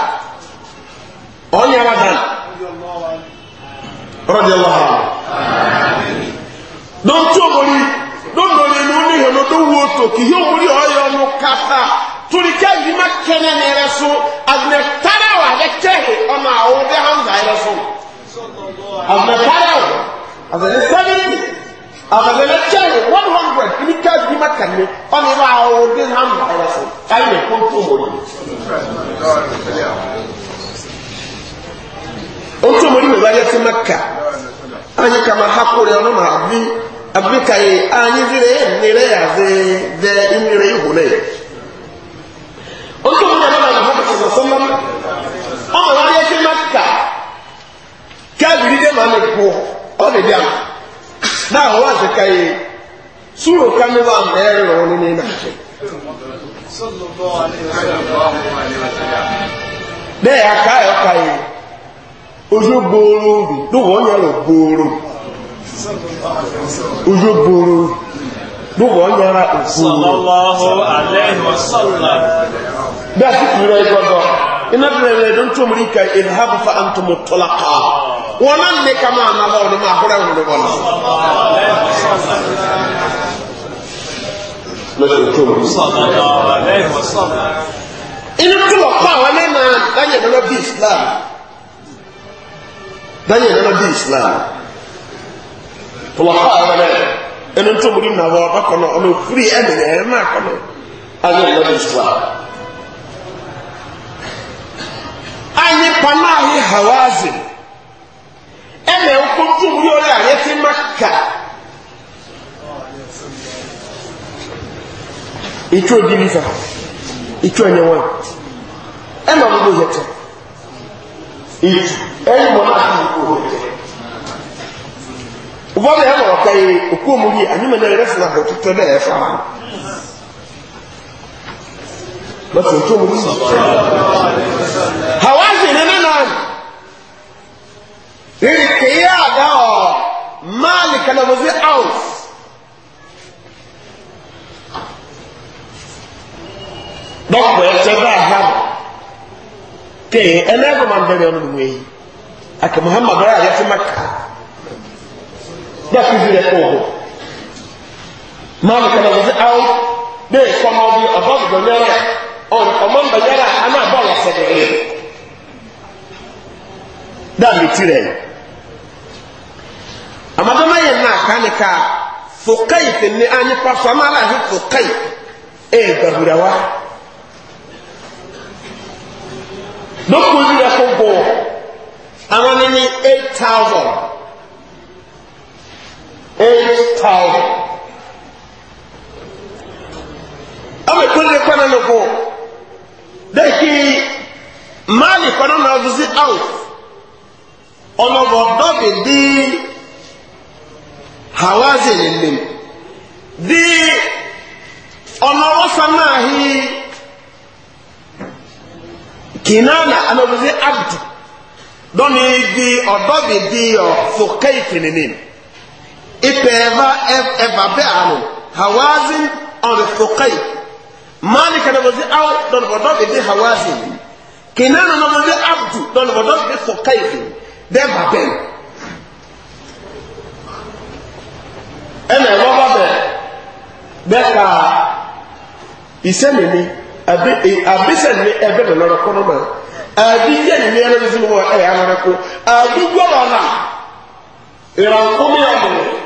ọnyàrá dàn rọdí ọlọhà dọtún orí dọnọrè nu oníhẹn lọdọ wọ tókì yóò turike yima kɛnɛ ne yɛrɛ so azinɛ tara wa a bɛ kɛhe ɔna awo bɛ hamza yɛrɛ so azinɛ tara wa azinɛ sɛbɛn azinɛ kɛhe one hundred ibi kɛhe yima kɛnɛ ɔna ibi awo bɛ hamza yɛrɛ so ayi ne ko tó mori o tó mori mi ba yɛ fi ma ka anyi kama hakori ɔno ma abi abi ka ye anyi zire ye nire yaze dɛ imire ihune ojú mi nana nana muhammad sallam ọmọ wa yẹ fi maka káàbìrì dé màá mi kú ọ lè dà náà wọ́n àti ká yé súrò kánú wa mẹ́rin lọ́wọ́ nínú iná àti. bẹ́ẹ̀ aká ẹ̀ ká yé ojú gbòòrò ló wọ́n yẹ lọ gbòòrò ojú gbòòrò lóko ọ̀nyára òfurufú. sọlọ́lọ́hu aleyhi wa sọ́lá. bí a ti kúrò ẹgbẹ́ gbọ́ iná bẹ̀rẹ̀ rẹ̀ ló ń tó mìíràn ká ìdáhàbù fa àǹtọ̀mù tọ́lá ká wọn náà ní ká máa kúrẹ́ wọn lọ́wọ́ náà. inú tó wọ̀ àwọn ẹni dáyẹ̀ lọ́lọ́ bí islam dáyẹ̀ lọ́lọ́ bí islam. tọ́lá àwọn ẹni ɛnu tó mu di na wɔ ɔbɛ kɔnɔ ɔmɛ firi ɛmɛ ɛyɛ mɛ akɔnɔ ayɛ ɔmɛ do so a anyi pama ayi hawazi ɛmɛ ɔkɔ tó mu di ɔyɛ ayɛ fi ma ka etu odi nifa etu ɛnyɛ wɔn ɛmɛ ɔmɛ do yɛ tɛ etu ɛyɛ wɔn a ti tɛ wọ́n yẹ lọ́wọ́ ka yìí òkú omo yìí anyimẹ náà yẹrẹ fúnra ọtún tẹ bẹ́ẹ̀ fà á lọ́tún tó omo yìí. hawaasi nínú náà rírì kìí àdá ọ máàlì kanamosi áwùs. dọ́kítà ẹ̀ tẹ́ bá a ha kéè ẹ̀ náà kò máa ń bẹ̀rẹ̀ ọ̀nà muhammadu ayé ti máa dákìsí rẹ̀ kò wò máàlù kan lọ́wọ́ sí àwọn bẹ́ẹ̀ ọmọ ń a máa bọ̀ wọ́n sọ̀rọ̀ rẹ̀ dáàbì tirẹ̀ yẹn náà ká ní ká fòkàì tẹ̀lé ányípa fama aláàfin fòkàì ẹ̀ gbàgbúra wa lókùnrin rẹ̀ kò eight thousand. eight thousand. Ame kwenye kwenye nuko. Deki mali kwenye na visit out. Ono vodobi di hawazi nilim. Di ono wasana kinana ano visit abdi. Doni di odobi di o ipeva eva beano hawazin on fuqai mali kana bozi aw don bodo be hawazin kinana no bozi abdu don bodo be fuqai de baben ene baba be beka isemeni abi abisemeni ebe be loro kono ma abi yẹn ni ẹni bí sinmi wọ ẹ yà lọrẹ kó abi gbọdọ na ìrànkúmi ọmọ rẹ.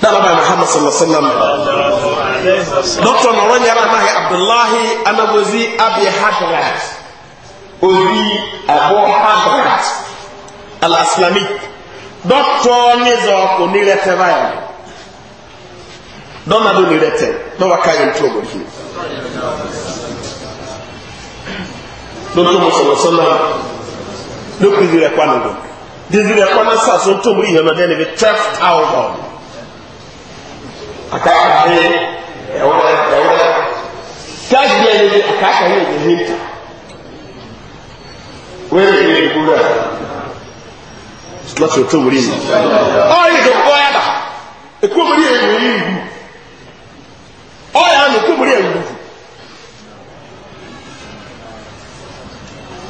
dalaba muhammad sallallahu alaihi wasallam doctor nɔrɔ nyara na ye abdullahi anabozi abi hadrat obi abo hadrat alasilami doctor ni zɔn ko ni rɛtɛ ba yɛ dɔn na do ni rɛtɛ dɔn wa ka yɛn tó o bori hin doctor muhammad sallallahu alaihi wasallam lókùnrin rɛ kpa nìyɛn dèjì rɛ kpa náà sàṣọ tó o bori yɛn bi twelve thousand akaya ne ɛwɔ ɛwɔ taasi yɛ ne akaka yɛ ne ne ta wɛrɛ yɛ ne kura lọtí o tó wòle yìí ɔyìn tó kọ́ ya bá ekomori yɛ wòle yìí wù ɔyìn àná ekomori yɛ wù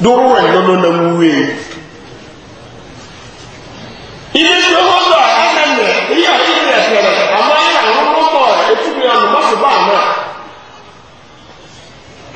dóró wẹ̀ nínú náà wúwe yìí ilé tí o wọ́n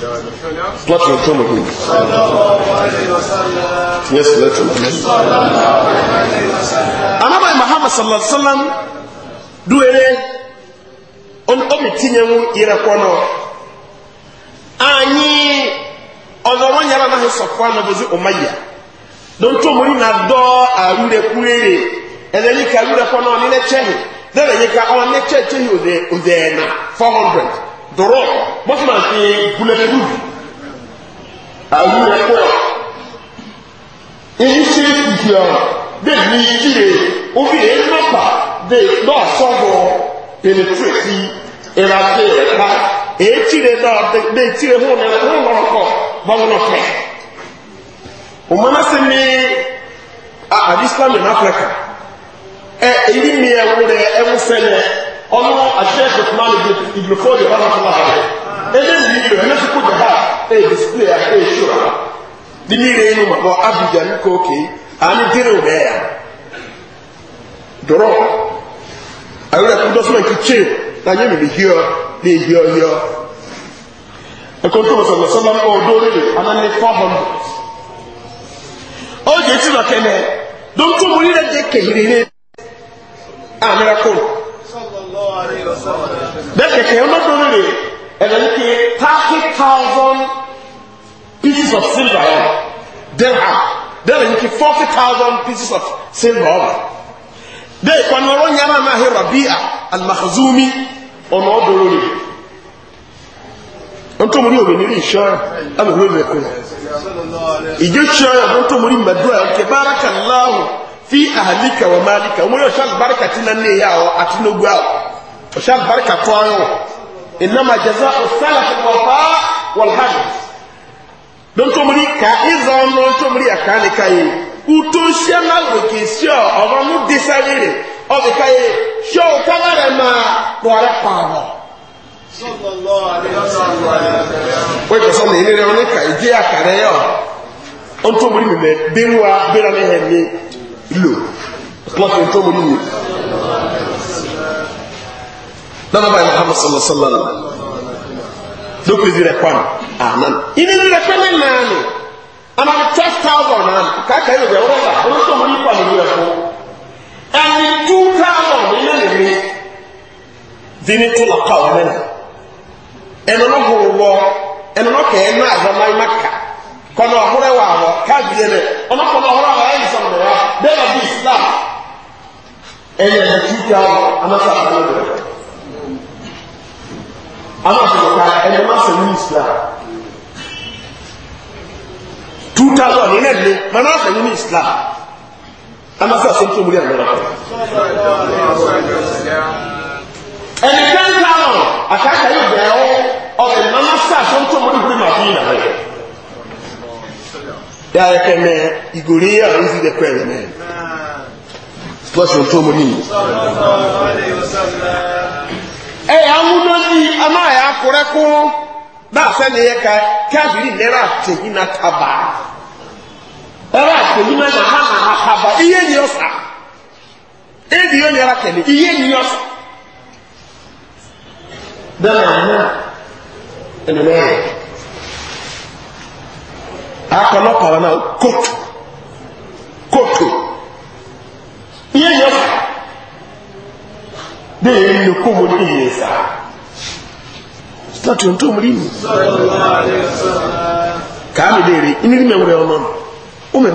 Slap your stomach. Yes, let him. Anaba Muhammad sallallahu alaihi duere on omitinye mu ire kono. Anyi nyara na sọkwa na umayya. Don to muri na do arure kurere. ka arure kono ni chehi. on na dọ̀rọ̀ wọ́n sì máa fi búlẹ̀tìrù àwọn ẹ̀kọ́ èyí ṣe ìjì ọ̀rọ̀ bẹ́ẹ̀ ni ìjìrè orí èyí nọ́pà dé náà sọ́dọ̀ ẹ̀lẹ́tìrìtì ìrànlẹ́ ẹ̀ka èyí tìrè náà dé tìrè hún ní ẹ̀kọ́ lọ́rọ̀kọ̀ báwọn náà fẹ́. òmọ́nà sí ni àdìsílámù ní áfíríkà ẹ̀ èyí ni ẹ̀wọ̀n rẹ̀ ẹ̀wọ̀n sẹ́lẹ̀ ọmọ àṣẹ́ṣe fúnmá lè ìgbè fún ọjọ́ bára fúnmá rẹ̀ eléyìí ní ìlú ẹ̀mẹ́sì kó jẹ ha ẹ̀ display a ẹ̀ a bí ní ìrẹ̀ inú màbọ̀ abidjan ní kókè àmì dírò rẹ̀ yà dọ̀rọ̀ àwọn ẹ̀kú dọ́sùn ẹ̀kú kye láyé mi lè hí ọ lè hí ọ hí ọ ẹ̀kọ́ tó wọ́n sọ̀rọ̀ sọ́lá ọ̀ dórí rẹ̀ anáni four hundred ó jẹ́ tí lọ kẹ́mẹ́ dóńtó mo rí rẹ̀ jẹ́ kẹ̀hìrì rẹ̀ àmì bẹ́ẹ̀ kẹ̀kẹ́ ọlọ́dún rẹ̀ ẹ̀rọ ní pé thirty thousand pieces of silver ọ̀rọ̀ dirham bẹ́ẹ̀ ní pé forty thousand pieces of silver ọ̀rọ̀ bẹ́ẹ̀ ìpanu ọ̀rọ̀ nyàmà náà hẹ́ rabia almahazumi ọ̀nà ọ̀dọ́rọ̀ rẹ̀ ntomori omeniri nhyɛn ama wo mɛko ìdí nhyɛn a ntomori mbadura nkè baraka allahu fi ahalika wa malika wọn yóò hyɛ barika ti na ne yà ọ àti n'ogu awọ. وشاب بركة طايو إنما جزاء السلف الوفاء والحج دونتومري كإذا دونتومري أكاني كاي utonsiama wekesio ɔbɔnu disayiri ɔbika ye sio kamara ma lɔre paabɔ. o jɔ sɔmi yiri rɛ o ni ka ije akara yɛ o ntomori mi mɛ benua bena ne hɛ mi lo kuma to ntomori mi nana baa muhammad sallallahu alaihi wa sallam dɔkuli di rɛ kwan anan ini di rɛ kwan ne naani ana bi twelve thousand naani kaa kaa yɛ bɛ wɔrɔ la wɔn nso wɔn yi kwan ne yɛ fo ɛni two thousand ne yɛ ne mi di ni to la pa wɔn ne na ɛnɔ no horo wɔ ɛnɔ no kɛɛ na azɔ na ma ka kɔnɔ ɔhorɛ wɔ awɔ kaa yɛ dɛ ɔnɔ kɔnɔ ɔhorɛ wɔ ayɛ nsɛm wɔ bɛɛ na bi islam ɛyɛ two thousand ana sa ɔhorɛ wɔ amásùnmọ̀ká ẹni amásùnmọ̀ islam 2000 ní ẹ̀lẹ́ manásùnmọ̀ ní islam amásùnmọ̀ tó múlẹ̀ àmọ́ra ẹni 10,000 àkàkà yóò bẹ̀rẹ̀ ọ́ ọ̀rẹ̀ manásùnmọ̀ tó múlẹ̀ àmọ́ra fi ìlà rẹ̀ yà á kẹ́ mẹ́ ìgòrí yà ó sì dẹ́kọ̀ ẹ̀rẹ̀ mẹ́ lọ́sùn tó múlẹ̀ ẹ̀yà amúnáyí amáyà akọrẹ́kọ́ náà sẹ́ni yẹ ká kábìrì nẹ́rà àtẹ̀yìn náà kaba nẹ́rà àtẹ̀yìn náà nàá nàá kaba iye ni yọ sá ebi yọ nyara kẹlẹ iye ni yọ sá náà iye ni yọ dee no ko mo ni yɛ saa statue nto mo ni mu kaa mi deere iniri mɛ wura ɔnɔ no o mɛ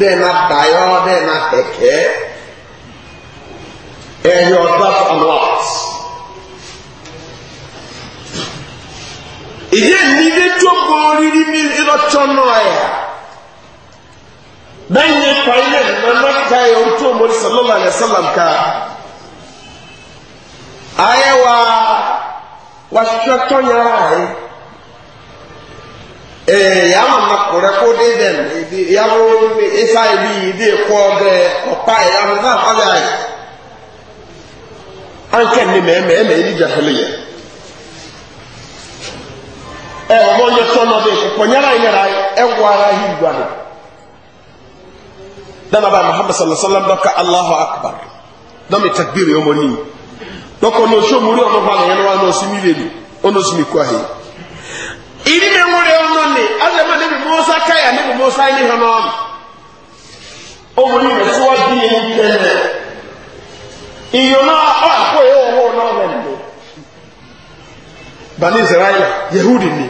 dẹ́ẹ̀ na dayọ́ dẹ́ẹ̀ na kẹ̀kẹ́ ẹ̀yọ́ that and what. ìdí ẹ̀mí ilé tó gbòòrò rí mi ìrọ̀tọ́ náà ẹ̀ bẹ́ẹ̀ ni pa ilé nana ká ẹ̀ ohun tó mọ̀ ní sàlọ́lá ẹ̀ sàlám ká ayé wa wà sọ́tọ́ yàrá rẹ̀ ẹ̀ yàrá mọ̀ akụrụ kwụ dị dị ya bụ ịsa ibi dị kwụ ọgụ ọpa ya bụ na akpali anyị anke ndị ma eme eme iri jahili ya e ọmụ onye sọ n'ọdụ ịkwụkwọ nyere anyị nyere anyị egwu agha ihe igwe ahụ dana muhammad sallallahu alaihi allahu akbar takbiri ọmọ omori ọmọ ya elu ọ iri na nwere ọnụ ni azama ne bi musa ya ne bi musa ne hɔ n'ɔm ɔmo ni bɛsi wa bi ike kɛlɛ iyo na ɔ akɔ ya wɔ hɔ n'ɔhɔ ndo bani israel yehudi ni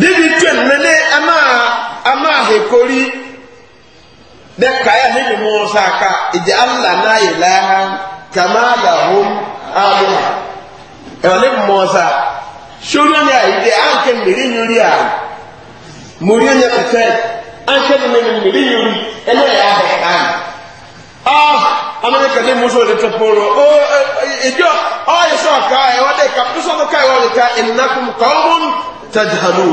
bibi twɛn ne ne ama ama ahekori ne kaya ne bi musa ka edi ala na yɛ laha kama da hom alu ɛwɔ ne bi musa. sórí ni àyíké ànkẹ́ mèrè yorí à mórí ẹ̀yẹ pẹ̀tẹ́ ànkẹ́ mèrè mèrè yorí ẹ̀yẹ ẹ̀yà ahẹ̀ àn. ọ amẹ́ríkà ní mọ́sọ̀ ní tẹ́pọ̀rọ̀ ó ẹjọ́ ọ yẹ sọ ka ẹ̀wọ́ dẹ̀ ká tó sọ́kọ́ ká ẹ̀wọ́ dẹ̀ ká ta kọ́ọ̀mùn tẹ̀dánù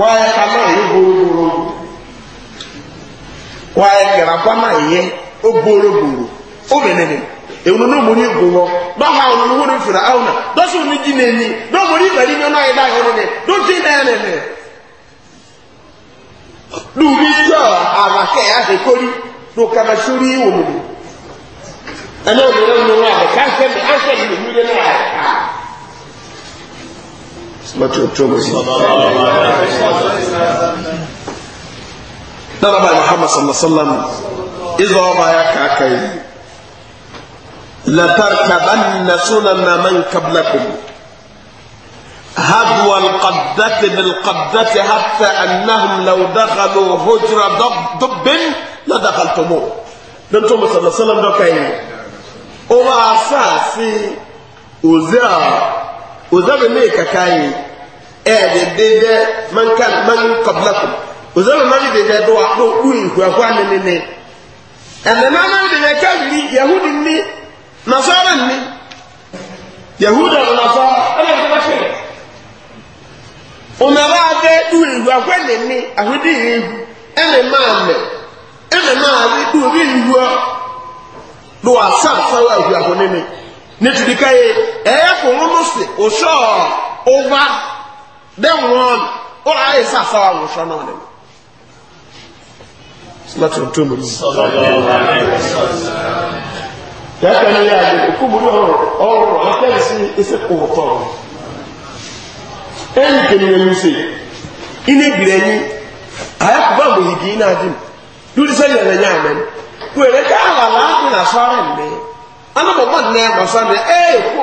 wáyé kàmá ẹ̀yẹ gbòòrò wáyé kẹ̀rẹ̀ àpamọ́ ma ó gbòòrò gbòòrò ó ne ewuno no mori gungo do ha ono no wori fira awna do so ni jine ni do bari no na ida ono ne do ti na ne ne du ri jo ara ke kori do ka ma shuri mu ana o le no wa ka se mi an se mi mu le no wa smatu tobo si dara ba muhammad sallallahu alaihi wasallam izo لتركبن سنن من قبلكم هدوى القدة بالقدة حتى أنهم لو دخلوا هجر ضب, ضب لدخلتموه دمتم صلى الله عليه وسلم دوكاين أولا أساسي أوزا أوزا بميكا كاين أهد ديدة من كان من قبلكم أوزا بمالي ديدة دوا دوا دوا دوا دوا دوا دوا دوا دوا يهودي دوا nasara ni yahuda na nasara ɛna ɛna ɛna ɛna ɔmɛba abɛ du ewu akɔ ɛna ni ahudi ewu ɛna maa mɛ ɛna maa bi du obi ewu do asa asawo ewu akɔ nene netuli ka ye ɛyɛ kɔnmu no se osɔ ɔba dɛ wɔn ɔra ayɛ sɛ asawo awosɔ n'ɔne mu sinatɔ ntomo yi. kẹ́kẹ́ ní ilé àgbẹ̀ òkú mu ní ọrọ̀ ọrọ̀ ọ̀kẹ́ sí ẹsẹ̀ òótọ́ ẹ̀yìn kẹ́niyàn ní sè iná gbìrẹ̀ yín ị na adị kìí náà dìm lórí sẹ́yìn ẹ̀rẹ̀ yẹn àmẹ́ wọ́n èrè na àlà láàbì nà sọ ara mẹ́ anamọ̀ mọ̀ nà ẹ̀mọ̀ sọ mẹ́ ẹ̀ èkó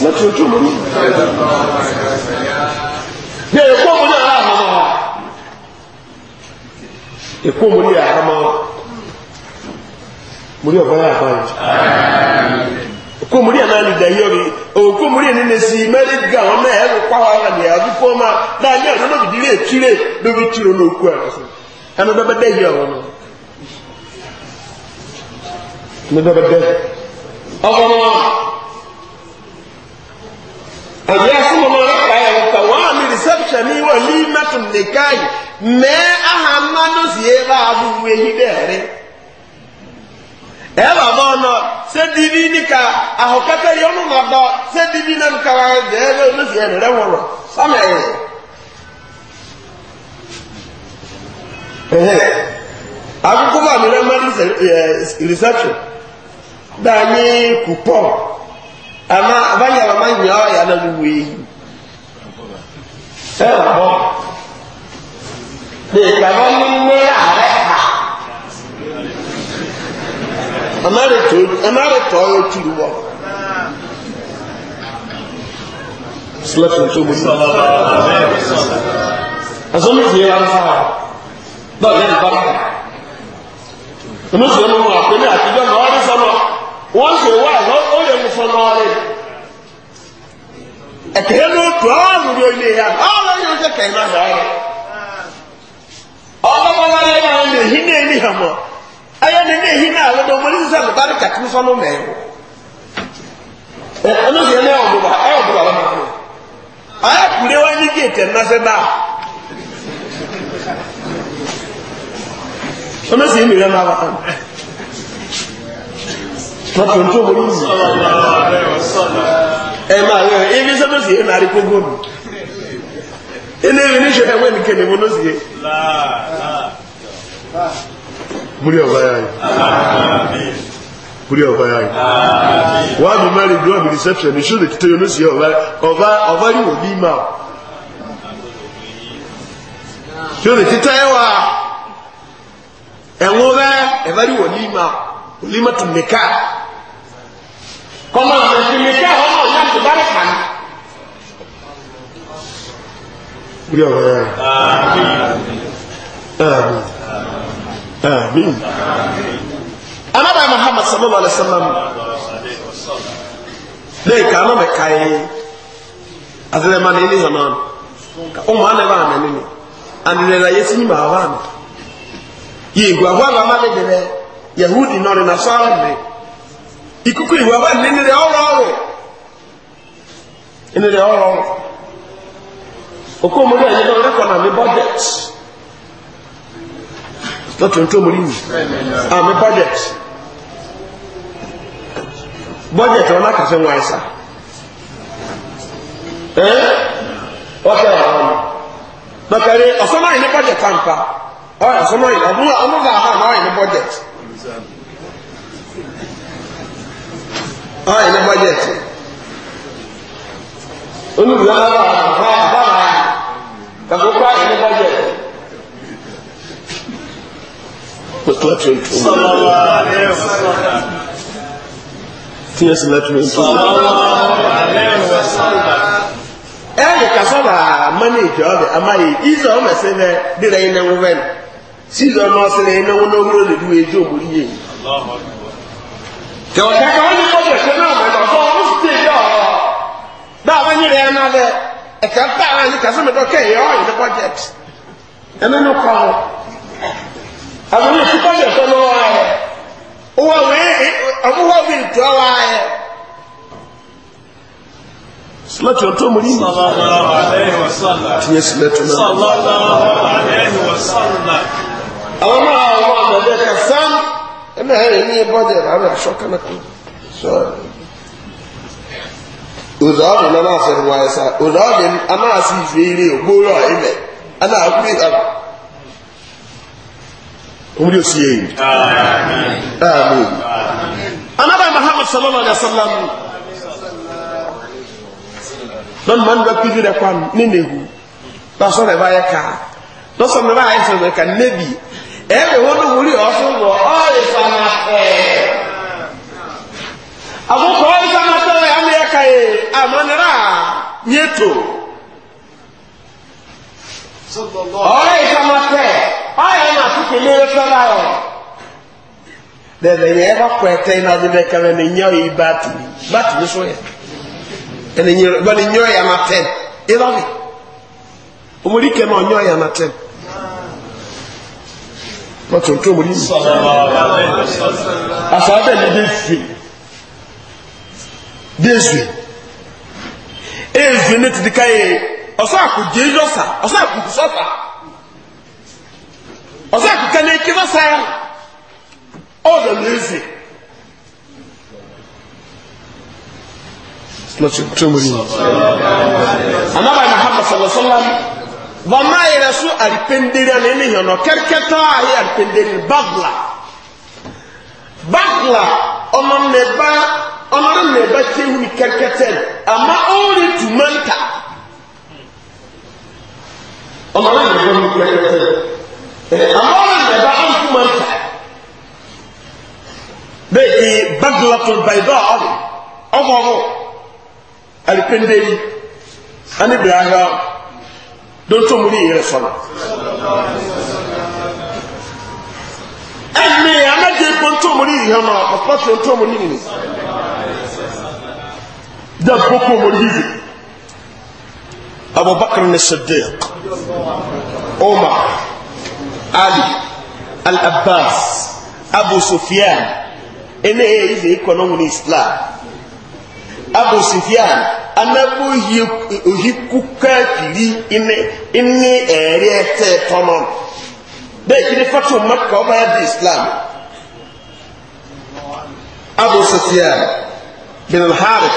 na tí o tún mọ̀ ní. ní èkó mu ní ara àhámọ́ èkó mu ní àhámọ́ mu ní ọ̀bá yà báyìí. èkó mu ní àná ni dàyé rí òkú mu ní nínú sí mẹ́rí gà wọn náà ẹ̀rù pàwọ́ ara ní àbí kó máa náà ní ọ̀nà lóbi dílé kíré lóbi kíró lóko ẹ̀rọ sí ẹnu bẹ́ẹ̀ bẹ́ẹ̀ yẹ ọ̀rọ̀ náà. ọmọmọ àbí asọmọmọ rẹpà ẹ rẹpà wọn àmì rìsẹpṣẹ mi wọn ní mẹtò nìkan aha mmanụ si ebe a abụghị ehi dịrị ebe abụọ nọ sị dịbị dịka ahụkata ya ọnụ na nkawa ya dị ebe onye si ere nwụrụ sọmịa ya akwụkwọ bụ amịrị mmanụ e, reception danye kupɔ ama abanyaba ma nya ɔya na no wei ɛwɔ dekabɔ ne arɛ ha amare tɔ yɛ turu wɔ sulatuntu musa asɔmi fie wa nfa dɔw yɛ nfa ɔmo sɛ ɔmo wɔ akpɛ ne atijɔ na ɔmo wọ́n ṣe wá lọ ó yẹ kó fọlọ́ rẹ̀ ẹ̀kẹ́ ló tó ọ̀rùn ló ilé ya ọ̀rọ̀ yóò ṣe kẹ̀ iná yà rẹ̀ ọlọ́mọlá yẹn máa ń lè hí ní ẹni hàn mọ́ ẹyẹ ní ní èyí náà lọ́dọ̀ ọmọ ní sísá lọ́dọ̀ àti kàtí fọlọ́ mẹ́rin ẹnu sì ẹni ọ̀dọ̀ bá ẹ ọ̀dọ̀ bá wọn kú ayé kúrẹ́ wá ní géètì ẹ̀ náṣẹ́ bá ọmọ sì ń lè rẹ́ máa wá kàn lọ́tọ̀ tó mú yìí ẹ máa rẹ̀ ibi sọ́tọ̀ sí ẹ̀nà àríkó gómù ilé ìwé níṣẹ́ ẹwẹ́ nìkẹ́ ni mo ló sì yé múrí ọ̀bá yáyì múrí ọ̀bá yáyì wà á bí mẹ́rin dúró àmì reception ní ṣúlẹ̀ títẹ́ yóò ló sì yé ọ̀bá yóò bí máa ṣúlẹ̀ títẹ́ wà ẹ̀wọ̀n rẹ̀ ẹ̀bá yóò ní máa onímọ̀tò nìkan kọ́mọ ìrẹsìmí kẹ́ ọ̀hún náà yá ti kàn. Bí ọ̀rọ̀ Amin. Amin. Anaba Muhammad sallallahu alaihi wa sallam. Bẹ́ẹ̀ ká ọ̀nà mẹ́ka yìí. Adìrẹ́ ní ilé ìhàn náà. Ọmọ àná ẹ̀ bá ikuku iwe ọba nílẹ̀ ọrọ̀ ọrọ̀ nílẹ̀ ọrọ̀ ọrọ̀ òkú omori ẹ̀yẹ náà rẹ́kọ̀ náà mi budget lọ́tún tó omori budget budget ọ̀nà kàfẹ́ wọn ẹ̀sà ẹ̀ ọ̀kẹ́ àwọn ọmọ lọ́kẹ́rẹ́ budget àǹpa ọ̀sán náà yìí ọ̀dún ọmọ bàbá náà budget. ah ah lẹ́gbàá yẹ ẹ̀tì olùdó ara àbá àbá kàkó kọ́ ẹ̀ lẹ́gbàá yẹ ẹ̀tì. Pẹ̀tọ́ tó ń tó ń bọ̀. Tí ẹ sì lẹ́tọ́ ń tó ń bọ̀. na amani ìjọ ọ̀dẹ̀ yọ ọ̀sẹ̀ kan ní kọ́ bẹ̀rẹ̀ sẹ́nu àwọn ẹ̀dọ̀ sọ ọ́n sì yọ ọ́ báwo wọ́n nyere ẹ̀ náà lẹ ẹ̀ka bá a yìí kàsí mi dọ́kẹ́ yẹ ọ́ yìí ní budget ẹ̀mí nu kọ́ ọ́ àwọn yìí sí budget tó lọ́wọ́ ẹ̀ owó wẹ́ẹ́ ọmọ wọ́n bí ntọ́ wa ẹ̀. Silati o tó mo ní. Sallallahu alayhi wa sallam. Tiɲɛ silati náà. Sallallahu alayhi wa sallam. Àwọn máa wà lọ́dẹ̀ kẹsàn-án ana yɛrɛ ni ye bɔ de yɛrɛ ana sɔ kana ko sɔ ozaa de nana asɛn wa yɛ sa ozaa de ana asi fi yiri o gbolo a yɛlɛ ana akuli a omuli osi yɛ yi aami anaba muhammad sallallahu alaihi wa sallam lọ́nà máa ń lọ píjú rẹ̀ kwan nínú ehu lọ́sọ̀rọ̀ ẹ̀ bá yẹ ká lọ́sọ̀rọ̀ ẹ̀ bá ẹ̀rẹ̀ wọn lòun rí ọ̀ṣun wọ̀ ọ́ ìfàmà ẹ̀. àkókò ìfàmà tó ẹ̀ àmì ẹ̀ka yẹ àmọ́nira yẹ tó. ọ̀rẹ́ ìfàmà tẹ̀ ọ̀yẹ́ mà tún kìíní rẹ̀ fẹ́ra ẹ̀. bẹ́ẹ̀ yẹn bá kọ ẹ̀tẹ́ iná ọdún bẹ́ẹ̀ kẹ́mẹ́ ní nyẹ́ yìí bá tù bá tù ní sọ yẹ. ẹni nyẹ́ ọ̀yẹ́ mà tẹ̀ ẹ̀ lọ́wọ́ ọmọdé kẹ́mẹ́ ọ̀nyẹ́ ọ̀yẹ́ mà tẹ̀ ẹ̀ lọ́tọ̀ tó mú nínú àṣàbẹ̀ ní défì défì éèfì ní ti di káyé ọ̀sọ́ àkù jésọ́sà ọ̀sọ́ àkù sọ́sà ọ̀sọ́ àkù kẹ́ni kí sọ́sà ọ̀dọ̀ léfì lọ́tọ̀ tó mú nínú ànábàá ìmọ̀ hàmà sọ̀lọ̀sọ́lá vamayira so alipendere ne ne hɛn no kɛrɛkɛtɔ a yɛ alipendere bagla bagla ɔno ne ba ɔno ne ba tehu ni kɛrɛkɛtɛ ama ɔne tuma nta ɔno ne ba ni kɛrɛkɛtɛ ɛ eh, ama ɔne ne ba antuma nta bagla to baidɔ ɔmo ɔmo alipendere ani bi ahɛ ɔmo dótó mu ní ìyẹrẹ sọlá. ẹnì anájẹ gbóntó mu ní ìyẹn náà ọ̀pọ̀ tó ntó mu ní nìyí. dẹ́ gbókó mu ní yìí. abubakar ní sadiq omar ali al-abbas abu sufyan ẹnì ẹ̀yẹ yìí kọ́ náà wọn ní islam abu sufiyan anabu ohi kuka kiri ine ine ɛɛri ɛtɛ tɔnɔ bɛɛ kiri fatu maka ɔba ya di islam abu sufiyan bin alhari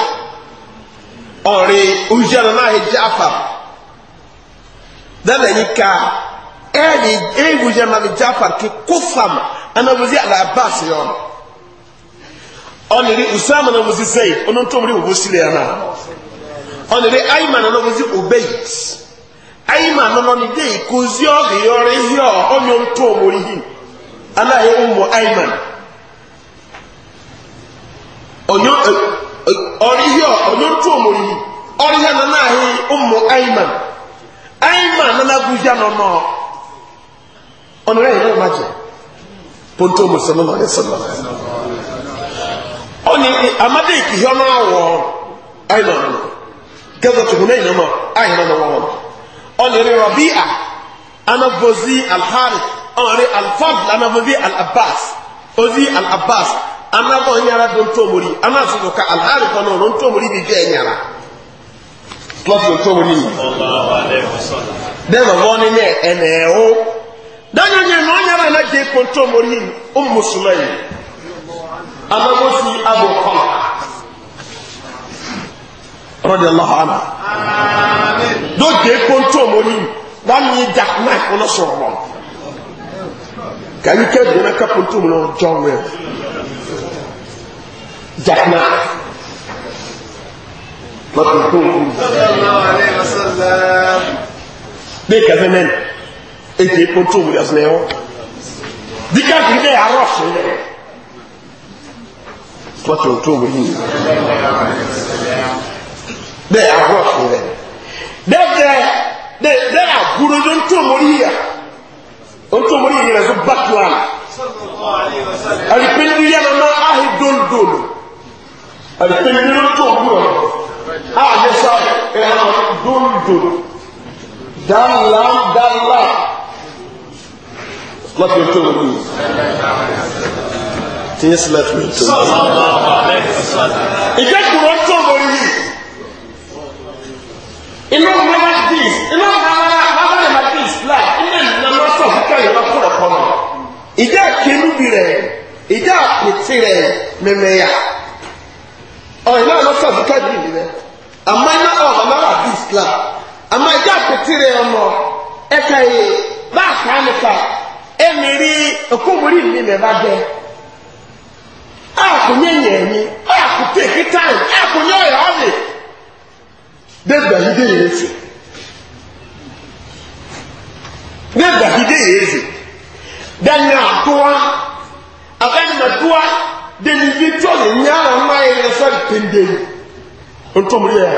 ɔri ojana naa hijafa dana yi ka ɛɛri ɛɛri na naa hijafa ke kofam anabu zi alabas yɔrɔ. Oniri usama na wọ́sí sẹ́yìn ọ̀nà tó wọ́n wọ́sí lẹ́yà náà ọ̀nìrí ayman náà wọ́sí obeyit ọmọ ayman ọ̀nyọ́ ọ̀rí yọ ọ̀nyọ́ tó wọ́n yìí ọ̀rí yọ náà náà yẹ ọmọ ayman ayman náà náà gbúdúyà náà náà ɔni amadi ikihyɛ no awɔ ayi na ɔno gaza to hunɛ yinama ayi na ɔwɔ wɔn ɔni re rabia anabozi alhari ɔni alfad anabozi alabbas ozi alabbas anabɔ nyara do ntomori anaso do ka alhari kɔnɔ ɔno ntomori bi bi ɛnyara lɔsi ntomori yi dɛmɛ wɔni nyɛ ɛnɛɛwo danyɔ nyɛ na ɔnyara na gye kɔ ntomori yi o musulman yi amagosi abu kọla rọdí aláha ana dókè kóńtó mọ́ni wọ́n ní jack knife wọn sọ̀rọ̀ wọn kàyí kẹ́gbẹ́ náà ká kóńtó mọ́ni wọn jọ wẹ̀ jack knife lọ́tún tó kú. bí kẹfẹ́ mẹ́rin ètò kóńtó mọ́ni ọ̀sán ẹ̀ wọ́n bí káàkiri bẹ́ẹ̀ arọ́ fún yẹn wọ́n tó tó wọ́n yìí bẹ́ẹ̀ agbọ́sọ̀ rẹ̀ dẹ́gbẹ́ dẹ́ àbúrò ló ń tó wọ́n yìí yà ó ń tó wọ́n yìí yẹrẹ fún bàtúwà àdìpẹ́ndì yẹn lọ́nà áhì dòndòlò àdìpẹ́ndì ló ń tó wọ́n áhì sá ẹ̀rọ dòndòlò dáńlá dáńlá wọ́n tó tó wọ́n yìí tí yẹ sílẹ̀ tó tó. ìjẹ́ kúrò tó wọlé yìí inú mi máa bí inú mi máa bá máa bí ìsìlá inú mi máa máa sọ fún káyọ̀ bá kúrò kọ́ mọ́. ìjẹ́ kínú bi rẹ̀ ìjẹ́ àpètè rẹ̀ mẹ́mẹ́yà ọ̀ ìná àná sọ fún káyọ̀ bí rẹ̀ àmọ́ iná ọ̀ bàbá wà bí ìsìlá àmọ́ ìjẹ́ àpètè rẹ̀ ọmọ ẹ̀ka yìí bá a kàn án nípa ẹ̀mí rí okòwò rí mi mẹ́ bá bẹ́ẹ̀. akunyenyenyi akuteki time akunyoya ọdị debahide ya eze debahide ya eze danya atụwa akanimatuwa denibi tọ ne nyaara mmaa ya nsa pende ntomri ya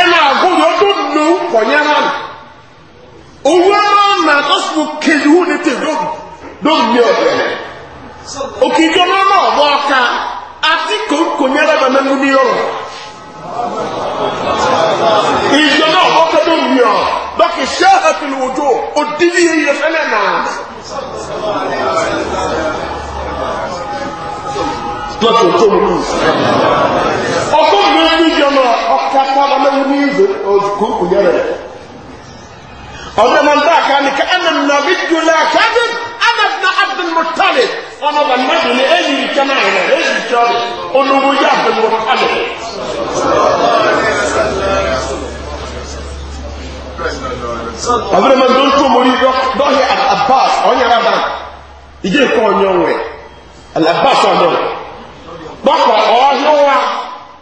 ɛna agolo ɔdodo kɔnyana owó ama na kejì hó ne te lóògbé ọ̀rẹ́ òkè ìjọba náà bọ́ ọ̀ka àti kòkò ní ẹlẹ́gbẹ̀ mẹ́nu ní ọ̀rọ̀ ìjọ náà bọ́ ọ̀ka lóògbé ọ̀ lọ́kì ṣẹ́ àfihàn òjò òdìrí iye fẹ́lẹ̀ náà. lọ́kì òjò mi ní mi ní ìjọ náà ọ̀ka pàdánù ní ìjọ kòkò ní ẹlẹ́gbẹ̀ ọdún ọmọ nta kan ní ká ẹnna nàbí jùlọ àkàdé ẹnna abdulmutali ọmọ bàbá mẹjọ ní èyí ìjọ náà rẹ èyí ìjọ rẹ olówó yá abdulmutali. ọdún ọmọ nta tó mọ ní dọ́hìn abbas ọ̀nyẹ́rẹ́ àbá ìjẹ́ ìkọ́ ọ̀nyẹ́ òun rẹ̀ abbas ọ̀nyẹ́ òun rẹ̀ dọ́kọ̀ ọ̀hún wa.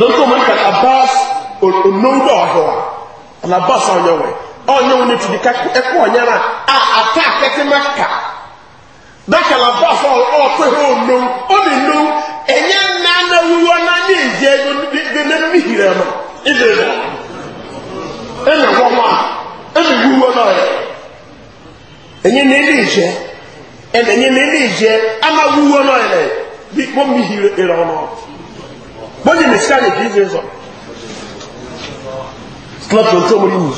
lọ́tọ́ mọ̀ ka abbas onóńdọ̀ ọ̀dọ̀ alabas ọ̀nyẹ̀wẹ̀ ọ̀nyẹ̀wẹ̀ ní tìdí kakú ẹ̀kọ́ ọ̀nyẹ̀rẹ̀ a ata akẹ́kẹ́ má kà dákà ọhụrụ ọ̀tọ̀ ẹ̀họ́ onó ọ̀nà enó ẹ̀yẹ nnáná wúwo bí mo mi hi ìrọ̀ ọ̀nà bó ní mi sáré kì í ṣe sọ slot ló tó mo rí mi.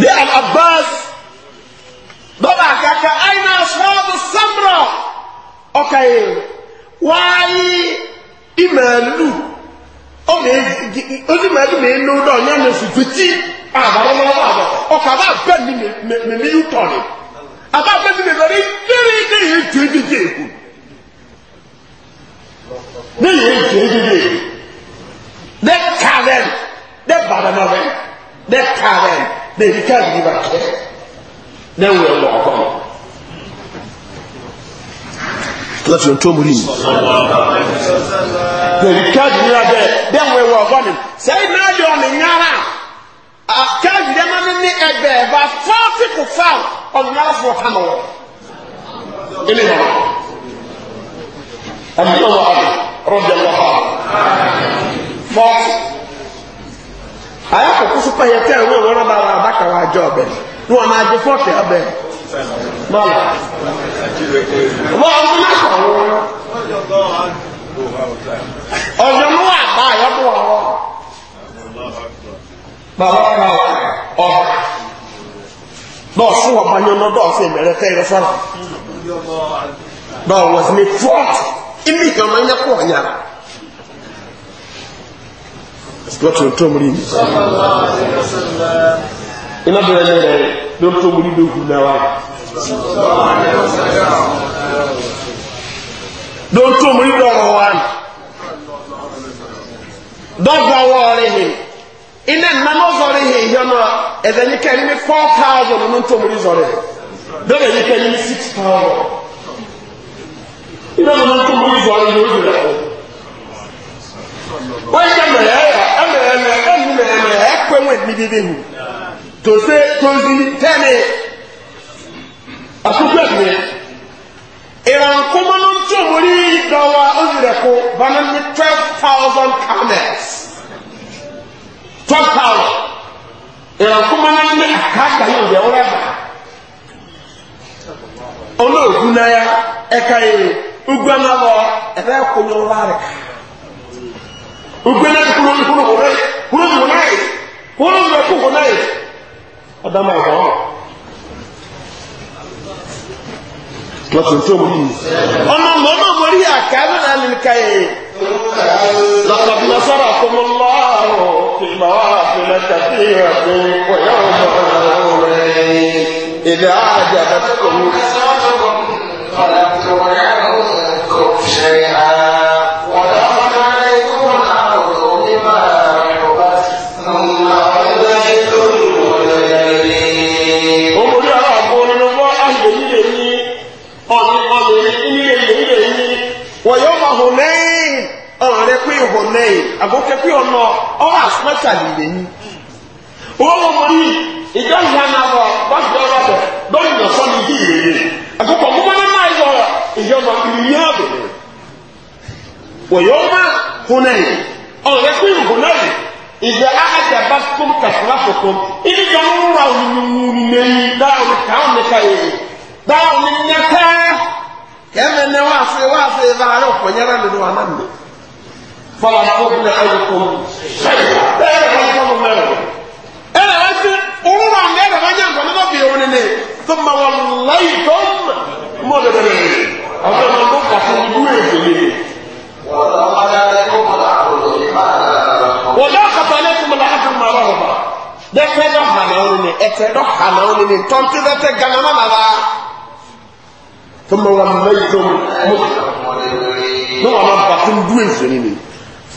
ní alabas dọ́là kàkà àyìnà sọ́ọ́bù sọ́mùrọ̀ ọ̀kà yìí wáyé ìmàlú onímàlú mi nù náà yẹn lè fìfì tí àbàlọ́lọ́wọ́ àbọ̀ ọ̀kà bá bẹ́ẹ̀ ni mi mi yú tọ̀ ni àbá bẹ́ẹ̀ ni mi lọ rí kéré kéré tó ibi dé èkó ne yɛ nkyɛn dede ne ka dɛm ne bada ma bɛn ne ka dɛm ne yi ka yi ba kɛ ne wɛ wɔ ɔkɔ. láti lọ tó múrí ni. bẹ̀rẹ̀ káàdì nira bẹ́ẹ̀ bẹ́ẹ̀ wẹ̀ wọ ọgbọ́n ni sẹ́yìn náà yọ ọ̀nì nyara káàdì dẹ́mọ́ ní ní ẹgbẹ́ ẹ̀bá fọ́ọ̀tì kò fáwọn ọ̀nà náà fọ́ kánò wọ̀ àbí ọwọ́ àbí rọ́bì ọlọ́kọ́ bọ́ọ̀tù ayakoko sopa yẹ tẹ ẹwọn wọn bá wà bá kàwá àjọ ọbẹ ní wọn máa jẹ fọọkì ọbẹ bọọlù wọn ọdún náà kọ wọn ọdún náà wà bá àyọkọ wọn wọn bàbá kà ọ dọọsù wọn bá yọ ọ náà dọọsù ìmẹrẹ tẹ ẹrẹ fọlá dọọ wọ sí ní fọọkì imi ìkànnà iná pọ̀ yára lọ́tún tó mú rí ní iná bẹ̀rẹ̀ ní rẹ̀ ló tó mú rí lóògùn náà wá ló tó mú rí lọ́rọ̀ wá dọ́gba wọ́ rẹ̀ ni iná nánà zọrọ̀ ihe ìyọ́nà ẹ̀dẹ̀ ní kẹrin ní 4,000 ló tó mú rí zọrọ̀ lọ́rẹ̀ ní kẹrin ní 6,000 iná ló ń tó mú ìfọ̀ àwọn ìlú ìlú rẹ̀. mere ya mẹ̀rẹ̀ e na ẹ̀mẹ̀rẹ̀ ẹ̀mí mẹ̀rẹ̀ ẹ̀ pé wọn èmi dédé hù tòṣe tózi tẹ́lẹ̀ àkókò ẹ̀mí. ìrànkómọ́ ló ń tó mú ní ìdọ̀wà bana ní twelve thousand camels twelve thousand ní yóò yẹ wọ́n rẹ̀ bá náà ẹ̀ka ugbana lɔ ɛfɛ konyɔrɔ baare ugbana ti kuro kuro kuro kuro kuro n'a ye kuro kuro kuro n'a ye ɔdama yi kɔn lọtò tó mu yìí ɔnà mọmọ mọrí àkàrà náà ní ká yìí lọtọdún náà sọrọ àkọmọ lọrọ kìlọ àfẹlẹ tàbí ìrẹsì wọnyẹ ọmọ rẹ ìdá àjàdá tó kọ mú. agokɛkpe ɔnɔ ɔwɔ asomɛta li le yi owó mori ìjọ ìyànà bọ bàtí ọrọ bẹ lórí ìyọsọ ni bí ìrèlè àkókò ọmọ náà náà yọ ìyọnà ìrìnnà bẹrẹ. ويوم هنين أو يكون هنين إذا أعجبتكم كثرتكم إذا كانوا من دعوا كان كاين دعوا من نكا كما نواسي واسي إذا عرفوا يرى من وامن فلا تقبل أيكم شيئا لا يفعل الله أنا أنت أمور عن غير غنيان كما نبي ثم وليتم مدبرين أما نقول لكم يقول wọ́dọ̀ kàtà lẹ́kùn mọ̀lá àfẹ́ mọ̀ ọ̀rọ̀ ọ̀bà dẹ́kun ẹ̀dọ̀ hànà ọ̀nì ni ẹ̀tẹ̀ ẹ̀dọ̀ hànà ọ̀nì ni tọ́ntì dẹ́tẹ̀ gánà nàlá tó mọ̀ wà mẹ́tọ́ mọ̀ ní wà má tó ń dú èso ni mi.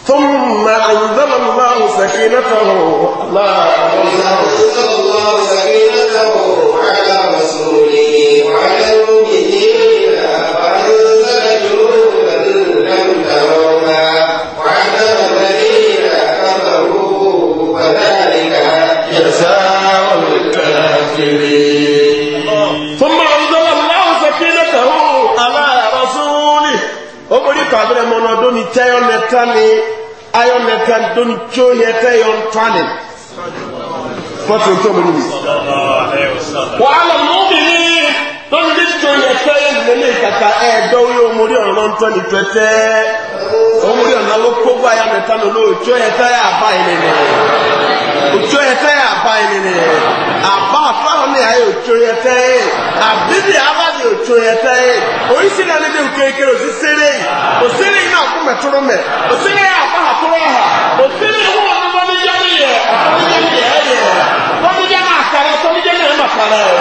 ثم أنزل الله سكينته لا أنزل الله سكينته kéré. ثم أنزل الله سكينته على رسوله omori kabere mɔnɔ doni tɛyɔ nɛtani ayɔ nɛtani doni tso yɛ tɛyɔ ntani fɔti o tó mo nimi wa ala mɔbili doni tso yɛ tɛyɔ nɛni kata ɛdɔwɔ eh, yɛ omori ɔlɔntɔni tɛtɛ omori ọ̀nà ló kógbó ayá mẹ́ta lọ lóòjó ẹ̀fẹ́ àbá ìnìyàn òjó ẹ̀fẹ́ àbá ni, àbá àfáwọn ní ayé òjó ẹ̀fẹ́ àbíbí abájẹ òjó ẹ̀fẹ́ oríṣi náà lédè kékeré òsì sẹ́rẹ̀ yìí òsèré yìí náà kú mẹ́tọ́rọ́ mẹ́ òsèré yìí àbá àtọ́rọ́ ọ̀hà òsèré yìí wọ́n ọ̀nà mọ́ bọ́múdé máa kàrà sọ́múdé náà máa kàrà ẹ̀.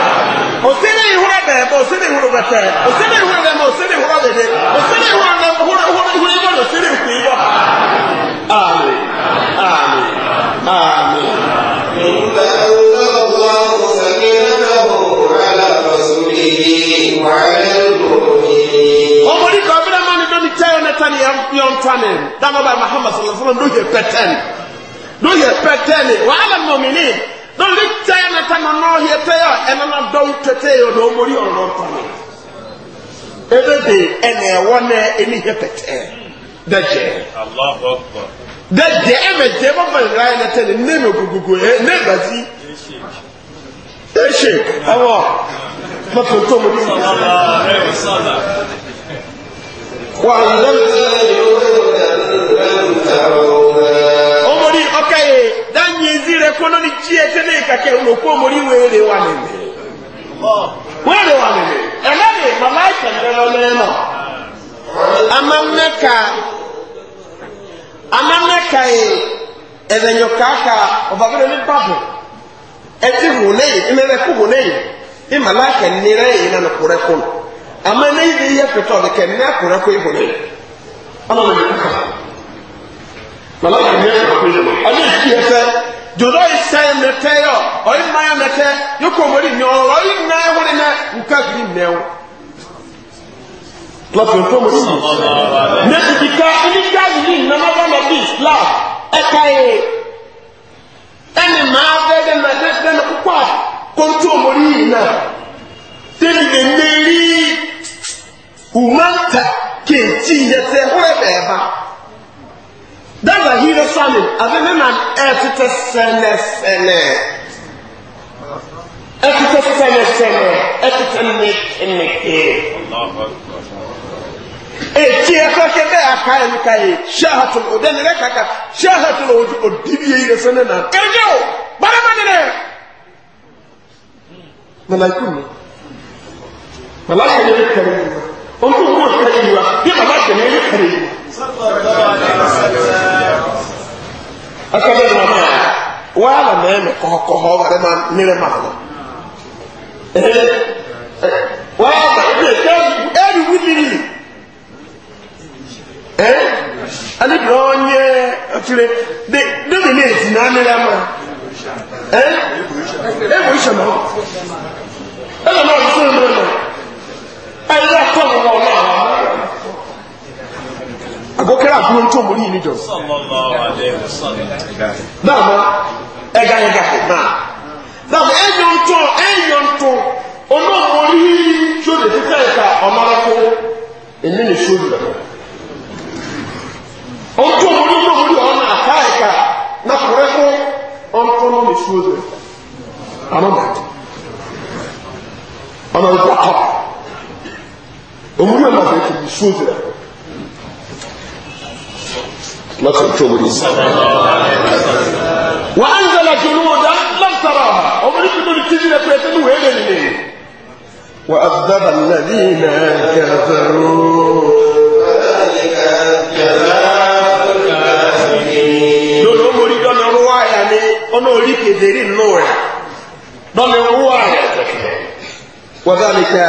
òsínì ìhúrọ̀ bẹ̀rẹ̀ bọ̀ òsínì ìhúrọ̀ bẹ̀tẹ̀ òsínì ìhúrọ̀ bẹ̀rẹ̀ bọ̀ òsínì ìhúrọ̀ bẹ̀rẹ̀ òsínì ìhúrọ̀ bẹ̀rẹ̀ òsínì ìhúrọ̀ bẹ̀rẹ̀ Amen. Amen. Amen. Ọmọdé kan bí wọ́n Dáná bá Muhammad sọ̀rọ̀ fún mi ló Wàhálà mọ̀mí do lita ya nata na no hie pe ya ena na do tete yo do mori oro pa ni ebe de ene ewo na eni hie pete de je allahu akbar de je e me je ba ban ra na tele ne me gugugu e ne bazi e shek awo ma ko to mori sallallahu alaihi wasallam wa alladhi yuridun an ta'awna ni rẹ kó lórí jí ẹ tẹ́lẹ̀ ìkàkẹ́ olùkó mórí wéèrè wà nìyẹn wéèrè wà nìyẹn ẹlẹ́yìn màmá ìkàkẹ́ lọ́lẹ́ náà amameka amameka yi ẹ̀rẹ̀nyọ̀ kàkà ní bàbọ̀ ẹtì hùnẹ́yì ẹ̀mẹ̀rẹ̀ kú hùnẹ́yì ìmàlá kẹ̀nìrẹ́ yìí nínú kúrẹ́kùn amẹ́nẹ́yì ni yẹ pẹ̀tọ́ ọ̀dẹ̀ kẹ̀nìrẹ́ kúrẹ́kùn ìhùnẹ́yì dodo yi sɛ mɛtɛ yɔ ɔyi mma yɛ mɛtɛ yɛ kɔmori nyɔ ɔyi nna yɛ wɔde nɛ nka giri nɛ wo lɔtɔ nkɔmori yi ne didika didika yi nana bɛ na di islam ɛka yi ɛni maa bɛ bɛ na bɛ bɛ na kɔkɔ a kɔntɔmori yi na tɛni eneri umanta kenti yɛ sɛ hɔrɛ bɛɛ ba dava hire samin aveme man ɛfete sɛnɛsɛnɛ ɛfete sɛnɛsɛnɛ ɛfete mekemekee eti ɛkɔkɛ bɛ aka yɛ nika yi shahatul o dɛni bɛ kaka shahatul o o dibi yɛ yire sɛnɛ na kɛrɛjɛ o barama nene malayiku mi malayiku mi kɛrɛ mi ojú owó ìkẹrẹ yìí wa bí bàbá tẹ̀lé ní ìkẹrẹ yìí. akọ́bẹ̀rẹ̀ wọn náà wọ́n á là mẹ́rin kọ́kọ́ wàrẹ́ máa nílẹ̀ máa lọ. wọ́n á bà ẹ̀dẹ̀ kẹ́ ẹ̀rù wíìlì ẹ̀ ẹni bí wọ́n yẹ ọtúrẹ́ lórí ní èsì náà nílẹ̀ máa ẹ̀ ẹ̀ wọ́n ìṣẹ̀mọ́ ẹ̀ lọ́nà ọ̀ṣun ìlú náà. ẹ̀yẹ kọ́ mi wọ̀ náà. Àgókẹ́rẹ́ àbúrò tó mú ní ìníjọ. Dáàmú ẹ̀gá ẹ̀gá kò náà. Dáàmú ẹ̀yọ̀ ntọ́ ẹ̀yọ̀ ntọ́ onáwó orí tí ó lè ní sóòlù ní náà ní sóòlù sojira makon tobiri wa an zala junuda lam taraha omri kudul tijira kwete nu hele ni wa azaba alladhina kafaru lọ́nà omori dọ́nà ruwa ya ni ọ̀nà orí kedere nù rẹ̀ dọ́nà ruwa rẹ̀ wàdálìkà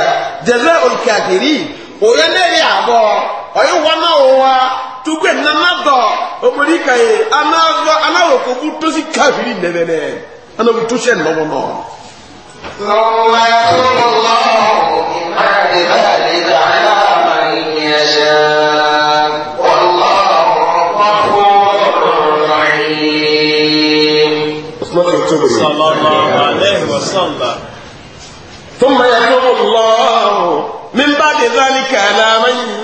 jẹ́zẹ́ olùkàkiri òyìnbó ọ ọyọ wọn tupu wọ wa tugu ẹ̀ nana ka yẹ anáwọ anáwọ kò kú tó sí káfírí nẹ́nẹ́nẹ́ anáwọ tó ذلك على من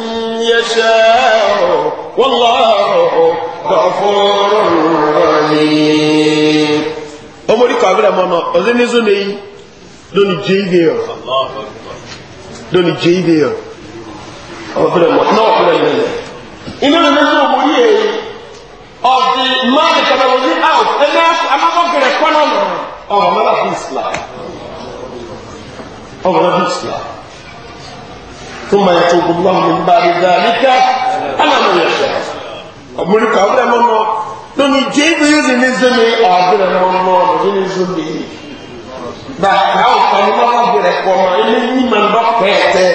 يشاء والله غفور رحيم أمري كابلا ماما أذن زني دوني جيبير دوني جيبير أبلا ماما نوكلا لنا إنه نزل مريه of the man that was in house and now I'm not going to get a corner of another Islam of another Islam ثم يتوب الله من بعد ذلك على من يشاء أمريكا أولا ماما لوني جيب يوزي نزمي أعبنا ماما نزمي نزمي ba awo kɔni ma ma bɛrɛ kɔma ɛmɛ ni ma ba pɛɛtɛ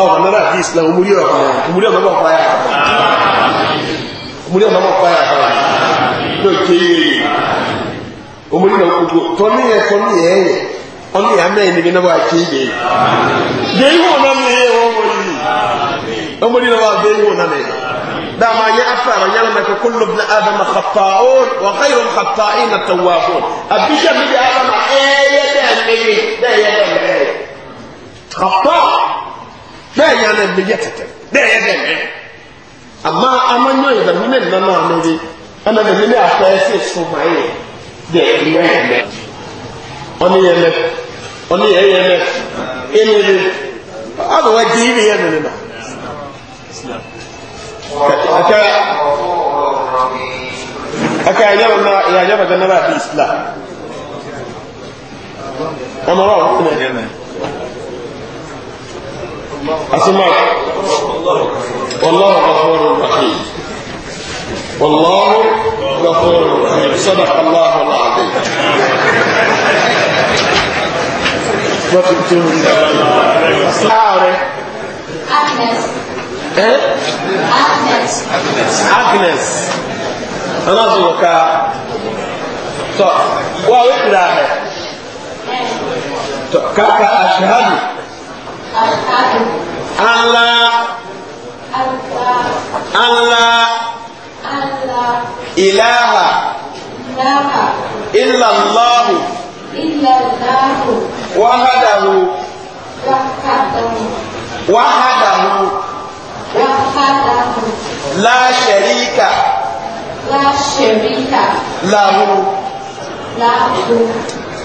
ɔ nana di islam omuli yɔrɔ kɔnɔ omuli yɔrɔ kɔnɔ kɔnɔ omuli yɔrɔ kɔnɔ kɔnɔ n'o tɛ ye omuli yɔrɔ kɔnɔ tɔni yɛ tɔni yɛ yɛ ɔno yɛ amɛn ne bi na waakye yi yɛyi yɛyi hɔ na mi yɛ wɔn wɔn yi ɔmɔdi na waa yɛyi hɔ na mi dama nyɛ afra ma nyɛlɛ mɛkɛ kulu bi na adama xataun wa kayo xatain na tawafun abisha mi bi adama ɛɛyɛ dɛ mɛyi dɛ yɛ dɛ mɛyi xata dɛ yɛ dɛ mɛyi yɛ tɛtɛ dɛ yɛ dɛ mɛyi ama ama nyɔ yɛ dɛ mɛyi nana na mɛyi ɛna dɛ mɛyi afɛ ɛsɛ sɔgba yɛ dɛ mɛyi mɛyi ɔni yɛ mɛyi. ọní ẹyẹ mẹ ẹni bi ọdún wa di ibi yẹn nínú aka aka yà nyẹ bàtà yà nyẹ bàtà nàbà àti islam ọmọ wa wọn tẹnɛ asuma wàllu rahmanu rahim wàllu rahmanu rahim sadaka allah wa rahim. ìjọ tó tó rí ààrẹ ẹ́ agnes ọlọ́dún ká tọ́ wà ó kúrò ààrẹ tọ́ káka aṣáájú ala ala ilaha illallahu illallahu وحده وحده لا شريك لا شريك له له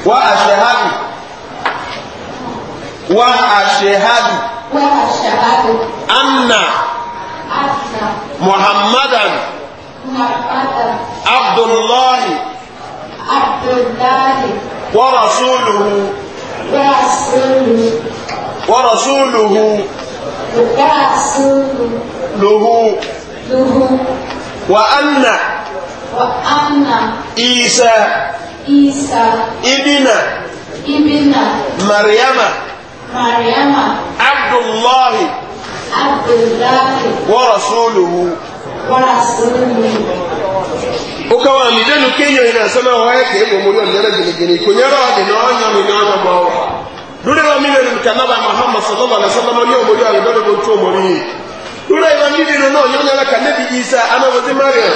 وأشهد وأشهد وأشهد أن محمدا عبد الله عبد الله ورسوله ورسوله ورسوله له وأن وأن إيسى إيسى ابن ابن مريم مريم عبد الله عبد الله ورسوله ورسوله ukawa midenu kenyo inasema waeke ego mulio nyere gini gini kunyero adina onyo minana mwawa lule wa mile ni mkanaba ya mahamba sallallahu alaihi wasallam lio mulio alidodo kuntuo mori lule wa mile ni no nyonya la kanebi isa ana wazi maria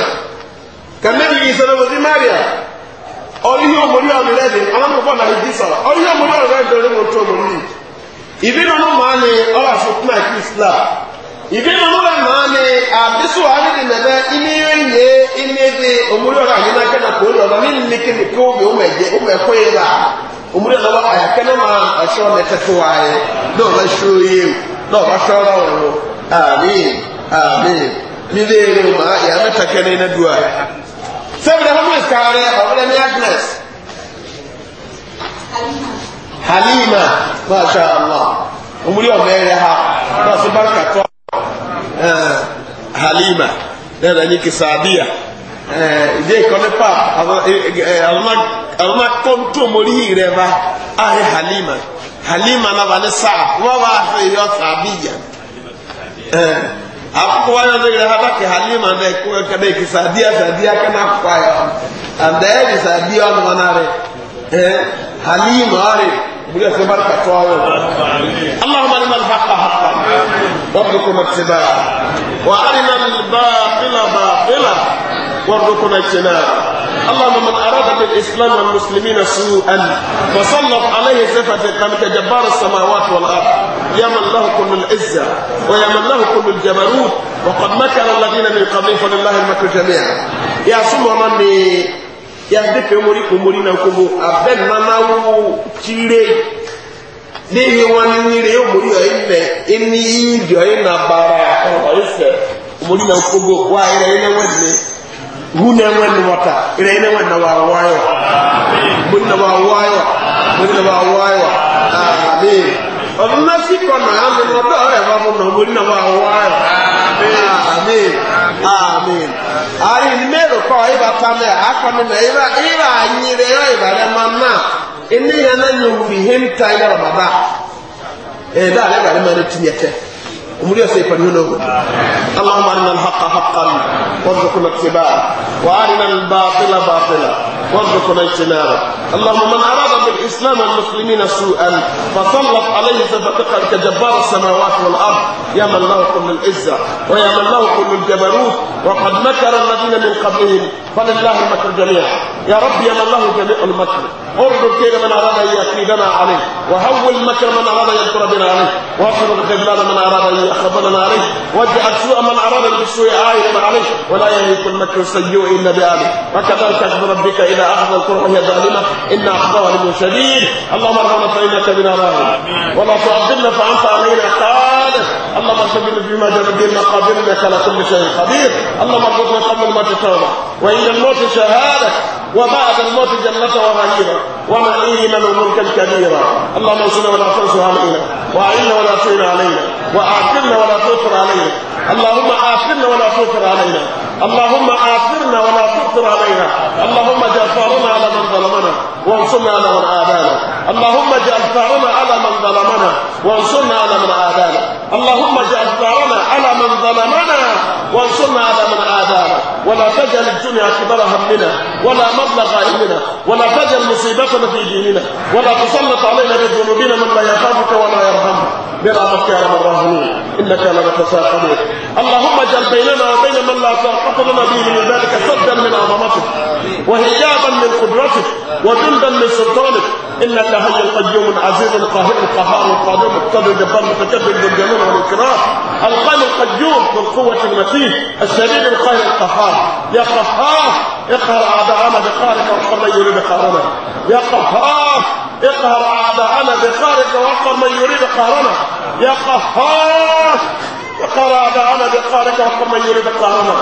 kanebi isa na wazi maria olio mulio alilezi anamu kwa na hijisa olio mulio alilezi dodo kuntuo mori ibino no maani ola shukuna Islam ìbínú ló rẹ̀ máa ní àbísù àrídì nẹ̀bẹ̀ ilé yẹ ilé bí òmúrí ọ̀rọ̀ àyínà kẹ́nà kò ń lọ́nà nínú ní kíni kí omi ó mẹ̀kọ́ yẹ bá òmúrí ọ̀rọ̀ àyà kẹ́nà máa ẹ̀ṣọ́ mẹ́tẹ́ fún wa yẹ náà bá ṣó yẹ náà bá ṣọ́ ọ̀rọ̀ ọ̀rọ̀ àmín àmín nílé eré mà ìyá mẹ́ta kẹ́nà iná dùn à. sẹ́fìdì hamlet kàárẹ̀ ọ̀rẹ́ ní agnes halima masha allah òmúrí ọ̀mẹ́rẹ̀ ha náà sí bá ń kàtọ́ Eh, halima dẹ́rẹ́ ní kìsàdíà ìdí ìkọ́ni pa àwọn akọ́ntò mórí rẹ̀ bá ayé halima halima náà bá ní sáà wọ́n bá fẹ́ yọ sàbíyà akoko wani ne yɛrɛ hata ke halima ne ko ka ne ke sadiya sadiya kana kwa ya and there is sadiya on one are eh, halima are اللهم أرنا الحق حقا وارزقنا اتباعه وأرنا الباطل باطلا وارزقنا اجتنابه اللهم من أراد بالإسلام والمسلمين سوءا فسلط عليه صفة أنت جبار السماوات والأرض يا من له كل العزة ويا من له كل الجبروت وقد مكر الذين من قبل فلله المكر جميعا يا سوء من yasipe omori omori na nkomo abẹ nanawo tire n'ehi wani nyere omori ọyị na eni iyi ọyị na bara ọyị sẹ omori na nkomo wa ire na hu na-enwe nwata ire na-enwe nne wa wayọ bụ nne wa wayọ bụ nne wa na ha ọrịa na omori na ari mmeru kɔ eba pame akɔnu na eba eba anyire eba eba dɛ mama ene yɛn na nyɛ wuli henta yɛ ɔba ba ɛda ale ba dɛm ɛna tumi ɛtɛ omuli ɔsɛ ipa ni wɔn allahumma arina alhaqa haqqan warzuqna ittiba'a wa arina albatila batila وارزقنا اجتنابه اللهم من أراد بالإسلام والمسلمين سوءا فسلط عليه سبقك كجبار السماوات والأرض يا من له كل العزة ويا من له كل الجبروت وقد مكر الذين من قبلهم فلله المكر جميعا يا رب يا من له جميع المكر ارجو كيد من أراد أن يكيدنا عليه وهول مكر من أراد أن ينكر بنا عليه واصل الخذلان من أراد أن يخذلنا عليه واجعل سوء من أراد بالسوء عائدا آية عليه ولا يهلك المكر السيء إلا بآله وكذلك أخذ ربك إلى إلى أعظم القرى وهي ظالمة إن لمن للمرسلين اللهم ارحمنا فإنك بنا راهب ولا تعذبنا فأنت علينا قادر اللهم ارحمنا فيما جربنا قابلنا على كل شيء قدير اللهم ارحمنا قبل الموت توبة وإن الموت شهادة وبعد الموت جنة وغيرا ومعينا وملكا كبيرا اللهم انصرنا ولا تنصر علينا وأعنا ولا تعين علينا وأعقلنا ولا تغفر علينا اللهم آثرنا ولا تغفر علينا اللهم آثرنا ولا تؤثر علينا اللهم اجعل ثارنا على من ظلمنا وانصرنا على من آذانا اللهم اجعل ثارنا على من ظلمنا وانصرنا على من آذانا اللهم اجعل ثارنا على من ظلمنا وانصرنا على من آذانا ولا تجعل الدنيا كبر همنا ولا مبلغ علمنا ولا تجعل مصيبتنا في ديننا ولا تسلط علينا بذنوبنا من لا يخافك ولا يرحمك برحمتك يا رب الراحمين انك لا تساقمون اللهم اجعل بيننا وبين من لا طاقه لنا به من ذلك صدا من عظمتك وحجابا من قدرتك وجندا من سلطانك انك هي القيوم العزيز القاهر القهار القادم القدر الجبار المتكبر ذو الجلال القيوم القائم القيوم بالقوه المتين الشديد القاهر القهار يا قهار اقهر عمد بقهرك وقبل يريد قهرنا يا قهار اقهر اعداءنا بقهرك واقهر من يريد قهرنا يا قهار وقال أبعنا بقارك وقم من يريد قهرنا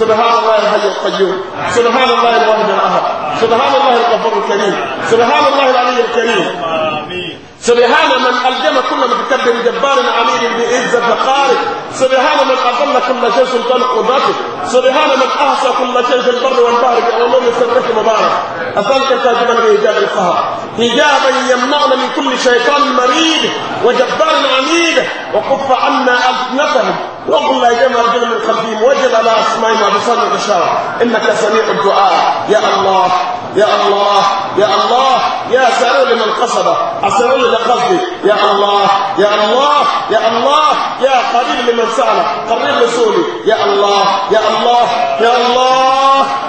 سبحان الله الحي القيوم سبحان الله الواحد الأهد سبحان الله الغفور الكريم سبحان الله العلي الكريم امين سبحان من ألجم كل متكبر جبار عميل بإذة فقار سبحان من أظل كل شيء سلطان قدرته سبحان من أحصى كل شيء في البر والبحر بأولون سرك مبارك أسألك تاجما بإيجاب القهر حجابا يمنعنا من كل شيطان مريد وجبار عميد وكف عنا ألسنتهم وقلنا يا جمع الجن من خلفهم وجد على أسمائنا بصدق الشرع إنك سميع الدعاء يا الله يا الله يا الله يا سألوا لمن قصده أسألوا لمن قصدي يا الله يا الله يا الله يا قريب لمن سأله قريب لسولي يا الله يا الله يا الله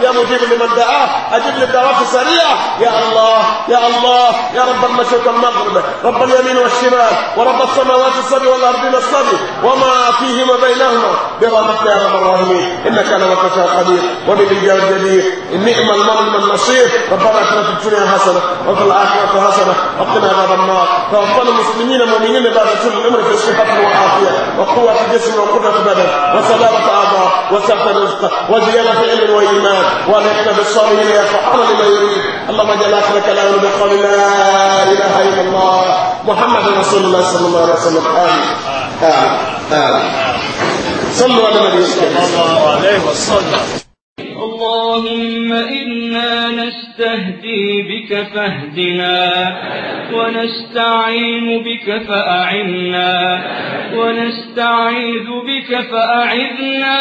يا مجيب لمن دعاه أجب للدعوات السريعة يا الله يا الله يا رب المشرق والمغرب رب اليمين والشمال ورب السماوات السبع والارض السبع وما فيهما بينهما برحمتك يا رب الراحمين إنك على وقتها قدير وبالجار الجديد النعم المولى النصير ربنا اتنا في الدنيا حسنه وفي الاخره حسنه وقنا عذاب النار توفنا المسلمين المؤمنين بعد كل الامر في صحه وعافيه وقوه جسم وقدره بدن وسلامه اعضاء وسعه رزق وزياده علم وايمان الناس ولست بالصغير يفعل لما يريد اللهم اجعل اخر كلامنا بقول لا اله الا الله محمد رسول الله صلى الله عليه وسلم امين امين امين صلوا على النبي صلى الله عليه وسلم اللهم إنا نستهدي بك فاهدنا ونستعين بك فأعنا ونستعيذ بك فأعذنا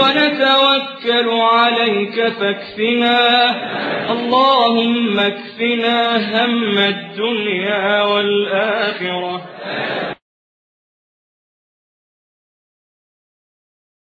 ونتوكل عليك فاكفنا اللهم اكفنا هم الدنيا والآخرة